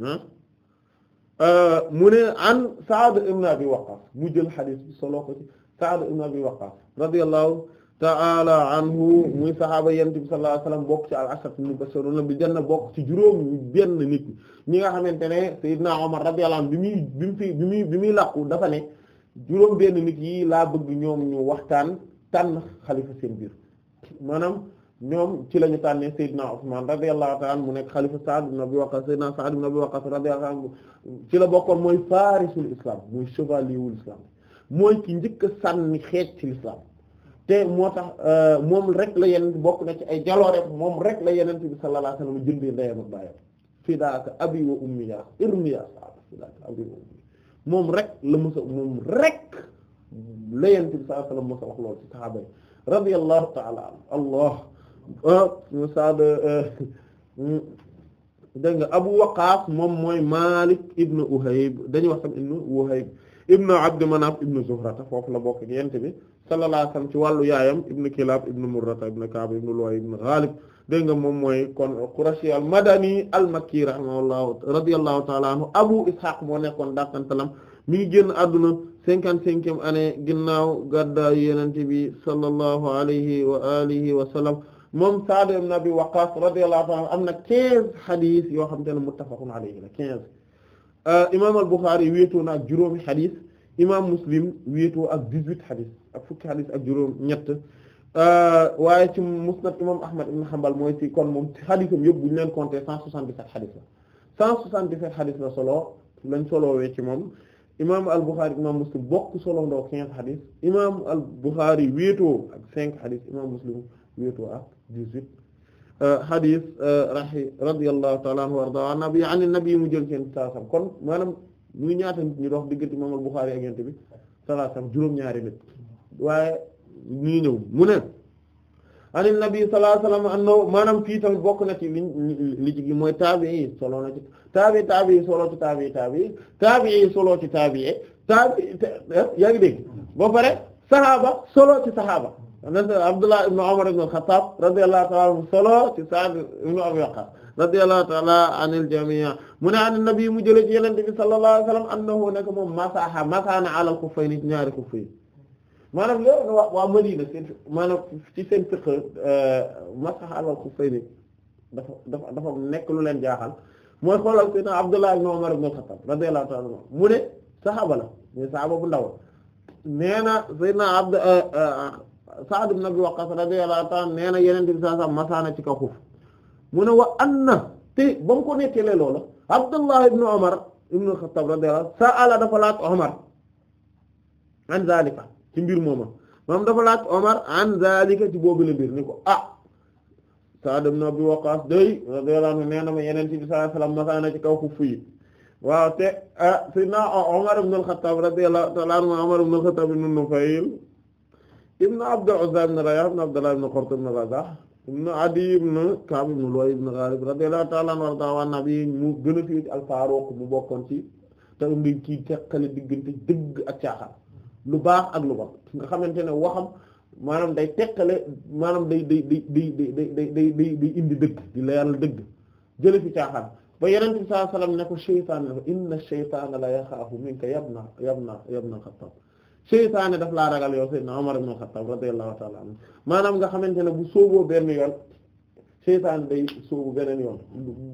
Euh, mu ne an Sa'd ibn Abi Waqqas mu jël xadis bi solo ko ci Sa'd ibn Abi Waqqas radiyallahu ta'ala anhu muy saxaaba yonent bi sallallahu alayhi wasallam bokk ci al-ashara al-mubashshiruna bil janna bokk ci juróom benn nit ñi nga xamante ne Seydina Omar radiyallahu anhu bi muy bi fi bi muy bi muy làqu dafa ne juróom benn nit yi laa bëgg ñoom ñu waxtaan tànn xalifa seen biir maanaam ñoom ci la ñu tànnee Seydina Usman radiyallahu ta'ala mu nekk xalifa Sa'd ibn Abi Waqqas Seydina Sa'd ibn Abi Waqqas radiyallahu anhu ci la bokkoon mooy farisul islam mooy chevalier wul islam mooy ki njëkk a sànni xeej ci l'islam te moo tax euh, moom rek la yenent bokk na ci ay jaloore moom rek la yenent bi sallallahu alayhi wasallam jëndee ndeyam ak baayam fidaaka abi wa ummi ya irmi ya Sa'd fidaaka abi wa ummi moom rek la mësa moom rek la yenent bi sallallahu alayhi wasallam mësa wax loolu ci sahaaba yi radiyallahu ta'ala anhu allah Ah, Saad eh, <laughs> dégg nga Abu Waqqas moom mooy Malik ibn Uhayb dañuy wax tam ibn Uhayb ibn Abd Manaf ibn Zuhrata foofu la bokk ak yent bi sallallahu alayhi wasallam ci wàllu yaayam ibn Kilab ibn Murrata ibn Ka'b ibn Lu'ay ibn Ghalib dégg nga moom mooy kon Qurashi al-Madani al-Makki rahimahullahu radiyallahu ta'ala anhu Abu Ishaq moo nekkoon dàqantalam mi ngi génn àdduna cinquante-cinquième année ginnaaw gàddaay Yonent bi sallallahu alayhi wa alihi wa sallam moom Sa'd ibn Abi Waqqas radiyallahu am na quinze xadis yoo xam te ne muttafaqun alayhi la quinze euh, imaam al-Bukhari wéetoo na ak juróomi xadis imaam Muslim wéetoo ak dix-huit xadis ak fukki xadis ak juróom ñett euh, waaye ci musnad imaam Ahmad ibn Hanbal mooy ci kon moom xadisam yëpp bu ñu leen compter cent soixante-dix-sept xadis la cent soixante solo lañ ci moom imaam al-Bukhari imaam Muslim bokk solo ndoo quinze xadis imaam al-Bukhari ak cinq xadis imaam Muslim wéetoo ak 18 euh, hadith euh, rahi radiyallahu ta'ala anhu warda an nabi an nabi mu jël seen saasam kon maanaam ñuy ñaata nit ñu dox diggante imam al-Bukhari ak yent bi salaasam juróom-ñaari nit waaye ñii ñëw mu ne an nabi sallallahu alayhi wasallam annahu maanaam fii tamit bokk na ci liñ li ci mooy taabi'i yi solo na ci taabi'i taabi'i solo ci taabi'i taabi'i taabi'i solo ci taabi'i taabi'i eh, yaa ngi dégg ba pare saxaaba solo ci saxaaba Abdullah ibn Umar ibn al-Khattab radiyallahu ta'ala anhu solo ci Sa'd ibn Abi Waqqas radiyallahu ta'ala anil jami' mu ne an nabi mu jële ci yenente bi sallallahu alayhi wa sallam annahu nekk moom masaha masana ala al-khuffayn ci ñaari khuffayn maanaam léegi waa waa Madina seen maanaam ci seen fiqh euh, masaha ala al-khuffayn dafa dafa dafa nekk lu leen jaaxal mooy xoolal sayyidina Abdullah ibn Umar ibn al-Khattab radiyallahu ta'ala anhu mu ne saxaaba la mais saxaaba bu ndaw nee na sayyidina Abd euh, euh, Sa'd ibn Abi Waqqas radiyallahu ta'ala nee na yeneen bi saa saa masaana ci kaw xuf mu ne wa anna te ba mu ko nettalee loola Abdullah ibn Umar ibn Khattab radiyallahu sa'ala dafa laaj Umar an zalika ci mbir mooma moom dafa laaj Umar an zalika ci boobu la mbir ni ko ah Sa'd ibn Abi Waqqas day radiyallahu nee na ma yeneen bi saa saa masaana ci kaw xuf yi. waaw te ah Seydina Omar ibn al-Khattab radiyallahu ta'ala anhu Omar ibn al-Khattab ibn Nufayl ibn Abdul Uzza ibn Rayah ibn Abdullah ibn Qurt ibn Razah ibn Adi ibn Ka'b ibn Lu'ay ibn Ghalib radiyallahu ta'ala anhu warda wa nabi mu gën a tiit al-Faruq mu bokkoon ci te ngi kii teqale diggante dëgg ak caaxaan lu baax ak lu bon nga xamante ne waxam maanaam day teqale maanaam day day day day day day day day indi dëgg di leeral dëgg jële fi caaxaan ba yenente bi sallallahu alayhi wasallam ne ko shaytaan la inna shaytaana la yaxaafu minka yabna yabna yabna al-Xattaab seytaane daf laa ragal yow Seydina Umar ibn Khattab radiyallahu ta'ala maanaam nga xamante ne bu sóoboo benn yoon seytaane day sóobu beneen yoon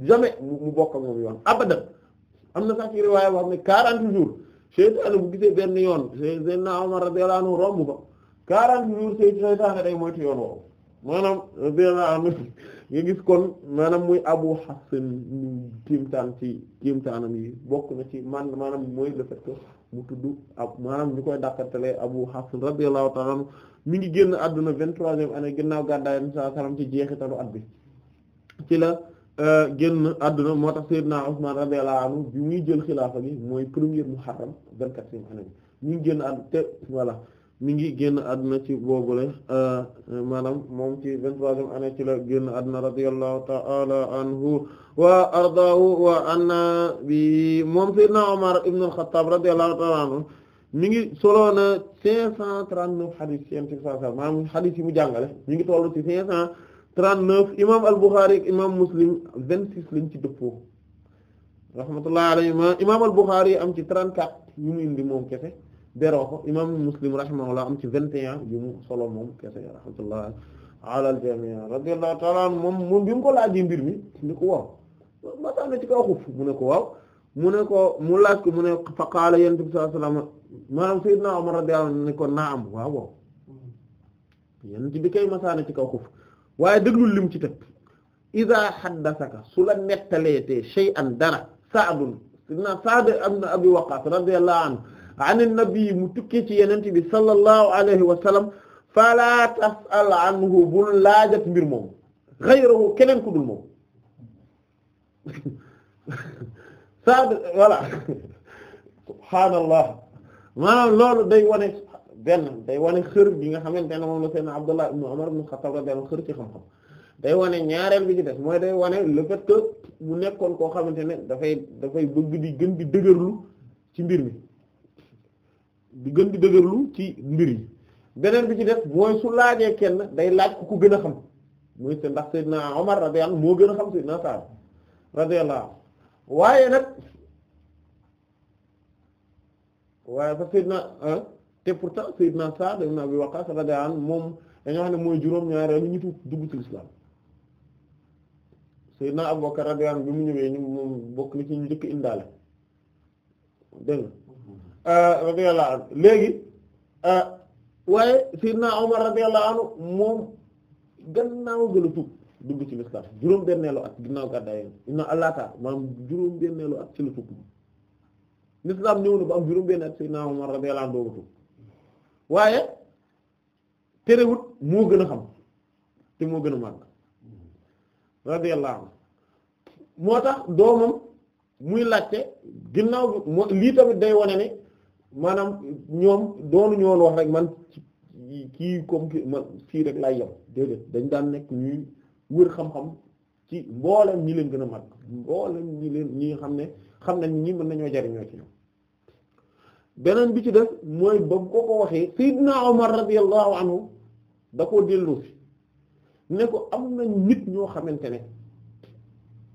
jamais mu bokk ak moom yoon abadan am na sax ci riwaaya boo xam ne 40 jours seytaane bu gisee benn yoon Seydina Umar radiyallahu anhu romb ba 40 jours seytaane day moytu yoon woowu maanaam radiyallahu anhu nga gis kon maanaam muy Abu Hasan kiimtaan ci kiimtaanam yi bokk na ci man maanaam mooy le fait que mu tudd ab maanaam ñu koy dàqatale Abu Hasan radiyallahu ta'ala anhu mi ngi génn àdduna vingt-troisième année ginnaaw gàddaay sa bi ci jeexitalu at bi ci la euh, génn àdduna moo tax Seydina Usmaan radiyallahu anhu bi muy jël xilaafa gi mooy premier Muharram vingt-quatrième année bi mi génn àdduna te voilà mi ngi génn àdduna ci boobule euh, euh, maanaam moom ci vingt-troisième année ci la génn àdduna radiyallahu ta'ala anhu wa ardaahu wa anna moom sayyidina Umar ibn al-Khattab radiyallahu ta'ala anhu mi ngi solo na cinq cent trente hadith ci yenente mu jàngale mi ngi tollu ci cinq cent trente-neuf imam al-Bukhari ak Muslim vingt-six lañ ci dëppoo rahmatullahi alayhima imam al-Bukhari am ci trente-quatre yu mu indi moom kese beroo ko imam muslim rahimahullah am ci vingt et un yu mu solo moom kese rahmatullah ala al jami' radiyallahu ta'ala moom moom bi mu ko laajee mbir mi ni ko waaw masaa na ci kaw xuf mu ne ko waaw mu ne ko mu laaj ko mu ne fa qaala yonent bi sallallahu alayhi wasallam maanaam sayyidna Umar radiyallahu anhu ne ko naam waaw waaw yonent bi kay masaa na ci kaw xuf waaye déglul lim ci teg iza haddasaka su la nettalee te shay'an dara Sa'd sayyidna Sa'd ibn Abi Waqqas radiyallahu anhu an nabi mu tukkee ci yenente bi sallallahu alayhi wa sallam fala tasal anhu bul laajat mbir moom ghayruhu keneen ku dul moom <laughs> sa voilà <laughs> subhaanallah maanaam loolu day wane benn day wane xër bi nga xamante ne moom la seen Abdullah ibn Umar ibn Khattab day wane ñaareel bi ci des mooy day wane le fait nekkoon koo xamante ne dafay dafay bëgg di gën di dëgërlu ci mbir mi di gën di dëgërlu ci mbir yi beneen bi ci def mooy su laajee kenn day laaj ku ko gën a xam muy se ndax Seydina Omar radiyallahu moo gën a xam Seydina Sa'd radiyallahu waaye nag waaye fa Seydina ah, te pourtant Seydina Sa'd ibn moom dañoo mooy juróom-ñaareelu ñu tuub dugg ci lislaam Seydina Abubakar radiyallahu bi mu ñëwee ñu moom bokk na ñu njëkk indaale Euh, radiyallahu léegi euh, waaye Seydina Omar radiyallahu moom gannaaw gën a tuub dugg ci lislaam juróom benneelu at ginnaaw gàddaay yéen inna allaata maanaam juróom benneelu at ci la tuub lislaam ñëw na ba am juróom benn at Seydina Omar radiyallahu anhu dooga tuub waaye terewut moo gën a xam te moo gën a màgg radiyallahu moo tax doomam muy laajte ginnaaw bi moo lii tamit day wane ne maanaam ñoom doonu ñoon wax rek man kii comme ki man fii rek laay yem déedéet dañ daan nekk ñuy wër xam-xam ci mboolem ñi leen gën a mag mboolem ñi leen ñi xam ne xam nañ ñi mën nañoo jariñoo ci ñoom beneen bi ci def mooy ba ko ko waxee fii Seydina Omar radiyallahu anu da koo dellu fi ne ko am nañ nit ñoo xamante ne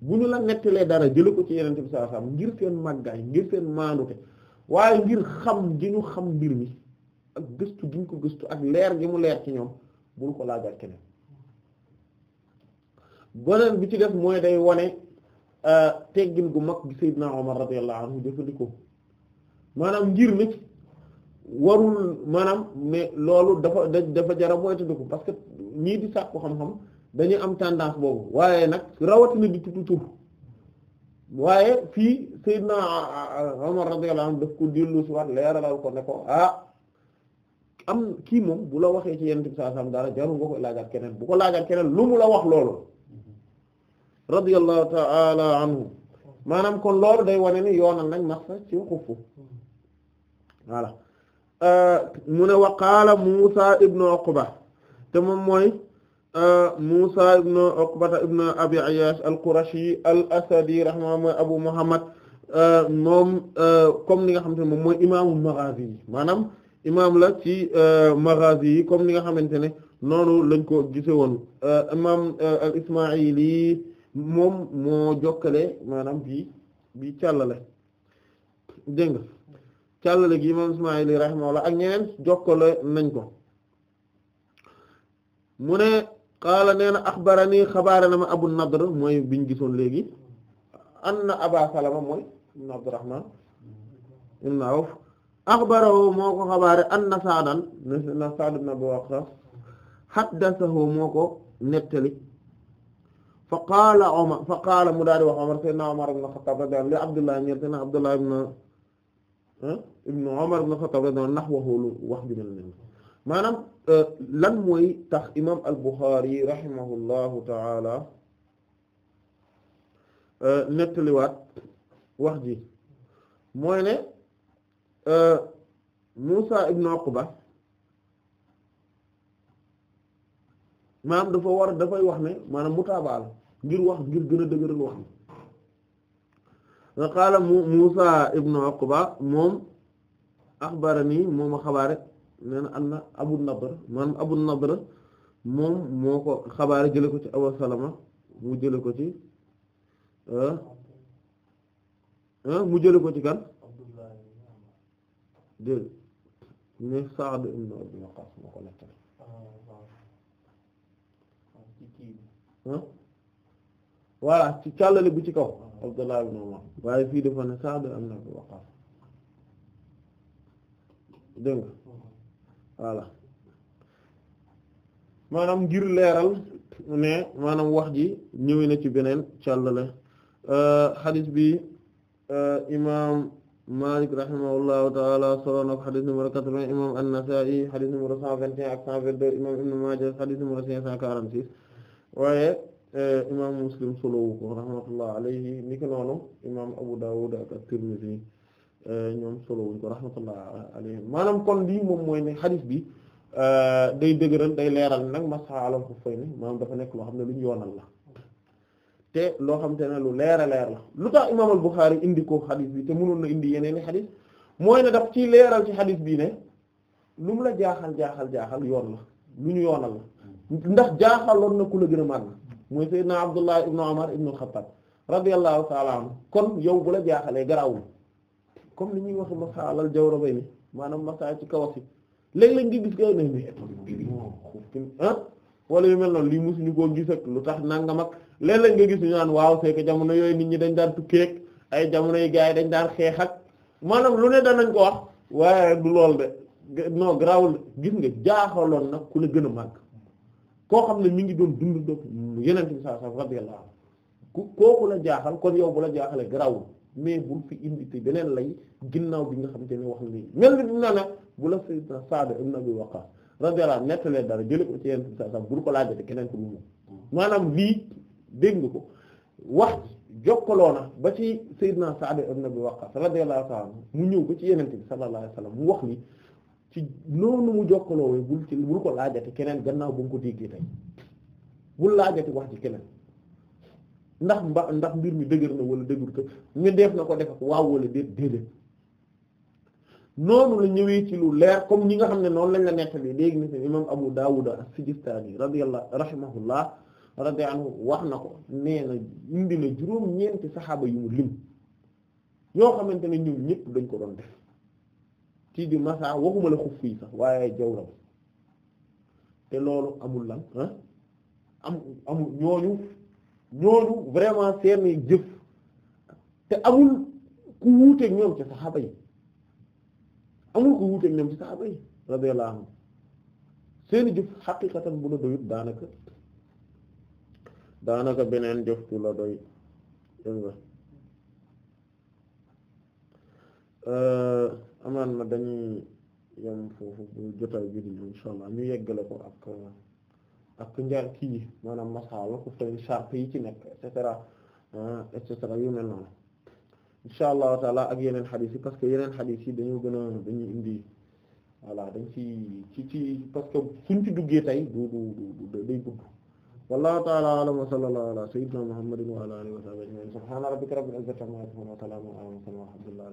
bu ñu la nettalee dara jële ko ci yenente bi sallallahu alayhi wasallam ngir seen màggaay ngir seen maandute waaye ngir xam gi ñu xam mbir mi ak gëstu gi ñu ko gëstu ak leer gi mu leer ci ñoom bul ko laajal keneen beneen bi ci def mooy day wane euh, teggin gu mag gi Seydina Omar radiyallahu anhu jëfandikoo maanaam ngir nit warul maanaam ne loolu dafa dafa jara moytandiku parce que ñii di sàkku xam-xam dañuy am tendance boobu waaye nag rawatina di tuddu tur waaye fii Seydina Umar radiyallahu anhu daf ko dellu si waat leeralal ko ne ko ah, am kii moom bu la waxee ci yenente bi sallallahu alayhi wasallam dara jaru ko laajaat keneen bu ko laajaat keneen lu mu la wax loolu radiyallahu ta'ala anhu maanaam kon loolu day wane ni yoonal nañ max ci xufu voilà euh, mu ne wa qaala Muusa ibnu Uqba te moom mooy Musa ibn Uqbata ibn Abi Ayyash al-Qurashi al-Asadi rahimahullah Abu Muhammad moom comme ni nga xamante ne moom mooy imaamu Maghazi yi maanaam imaam la ci Maghazi yi comme ni nga xamante ne noonu lañ ko gise woon imaam al-Ismaa'ili moom moo jokkale maanaam bi bii càllale dégg nga càllale gi imaam Ismaa'ili rahimahullah ak ñeneen jokkale nañ ko mu ne qaala nee na axbarani xabaara na ma abu nadr mooy biñ gisoon léegi anna aba salama mooy ibn abdurrahman ibn awf axbarahu moo ko xabaare anna sa'dan na sa'd ibn abi waqqas haddathahu moo ko nettali fa qaala omar fa qaala mu daal wax omar sayyidina omar ibn abdullah ñeer sayyidina abdullah ibn ah, ibn omar ibn xattaab radiyallahu anhu nahwahu wax bi mel maanaam euh, lan mooy tax imaam al-Bukhari rahimahullahu taala euh, nettaliwaat wax ji mooy ne euh, Musa ibn Uqba maanaam dafa war dafay wax ne maanaam mutaabaal ngir wax ngir gën a dëgëral wax nga qaala Musa ibn Uqba moom axbarani moom a xabaare nee na am na Abu Nadr maanaam Abu Nadr moom moo ko xabaare jële ko ci Abu Salama mu jële ko ci ah, ah, mu jële ko ci kan dé ne Sa'd ibn Abi Waqqas moo ko nettali ah, voilà ci càllale bu ci kaw Abdullah waaye fii dafa ne Sa'd ibn Abi Waqqas dégg voilà maanaam ngir leeral ne maanaam wax ji ñëwee na ci beneen càllale xadis euh, bi euh, imaam Malik rahimahullahu taala solo na ko xadis numéro quatre-vingts imaam an xadis numéro cent vingt et imaam Ibn Maaja xadis numéro cinq cent quarante-six waaye euh, imaam Muslim solowu ko rahmatullah alayhi ni imaam Abu Dawud ak At-Tirmidhi ñoom solo ko rahmatullah maanaam kon lii moom mooy ne xadis bi euh, day dëgëral day leeral nag masaa alal xuffayni maanaam dafa nekk loo xam ne lu ñu yoonal la te loo xam te ne lu leer a leer la lu tax imaam al Buxaari indi ko xadis bi te mënoon na indi yeneen i xadis mooy ne daf ci leeral ci xadis bii ne lu mu la jaaxal jaaxal jaaxal yoon la lu ñu yoonal la ndax jaaxaloon na ku la gën a màgg mooy naa Abdullah ibnu Umar ibnu Xattaab radiyallahu ta'ala kon yow bu la jaaxalee garaawul. comme li ñuy wax masaa alal jawrabay ni maanaam masaa ci kawas yi léeg-léeg nga gis ko ne ah wala yu mel noonu lii mosuñu koo gis ak lu tax nanga mag léeg-léeg nga gis ñu naan waaw c'est jamono yooyu nit ñi dañ daan tukkeek ay jamono yu gars yi dañ daan xeex maanaam lu ne danañ ko wax waaye du lool de non nga jaaxaloon nag ku la gën a màgg koo xam ne mu ngi doon dund do yeneen ci saa saa radiyallahu ku kooku la jaaxal kon yow bu la jaaxalee garaawul mais bul fi indi te beneen lay ginnaaw bi nga xamante ne wax na lii mel ni dina nag bu la sayyidna Sa'd ibn Abi Waqqas radiyallahu anhu nettalee dara jële ko ci yenn saa bul ko laajate keneen maanaam lii dégg nga ko wax jokkaloo na ba ci sayyidna Sa'd ibn Abi Waqqas radiyallahu ta'ala mu ñëw ko ci yeneen bi sallallahu alayhi wasallam mu wax li ci noonu mu jokkaloo bul ci bul ko laajate keneen gannaaw bu mu ko déggee tey bul laajate wax ci keneen. ndax mba ndax mbir mi dëgër na wala dëgër ko ñu def na ko def waaw walla déet déedéet noonu la ñëwee ci lu leer comme ñi nga xam ne noonu lañ la nettali léegi ni imam Abu Dawud as-Sijistani radiyallahu rahimahullah radiyallahu anhu wax na ko nee na indi na juróom-ñeenti saxaaba yu mu lim yoo xamante ne ñun ñëpp dañ ko doon def ci di masa waxuma la xuf yi sax waaye la te loolu amul lan ah am amul ñooñu. ñooñu vraiment seen jëf te amul ku wuuteeg ñoom ci saxaaba yi amul ku wuuteeg ñoom ci saxaaba yi radiyallahu anhum seeni jëf xaqiqatan bu la doyut daanaka daanaka beneen jëf du la doy dégg nga euh, amaan na dañuy yem foofu bu jotaay bi di inshallah ñu yeggale ko ak euh, ak njar kii yi maanaam masala ku fay charte yi ci nekk et cetera ah, et cetera yu mel noonu insha allahu taala ak yeneen xadis yi parce que yeneen xadis yi dañoo gën a dañuy indi voilà dañ ci ci ci parce que suñ ci duggee tey du du du day gudd wallahu taala alam wa sallallahu
ala sayyidina muhammadin wa ala alihi wa sahbihi subhana rabbika rabbil izzati amma yasifun wa salamun ala mursalin walhamdulillah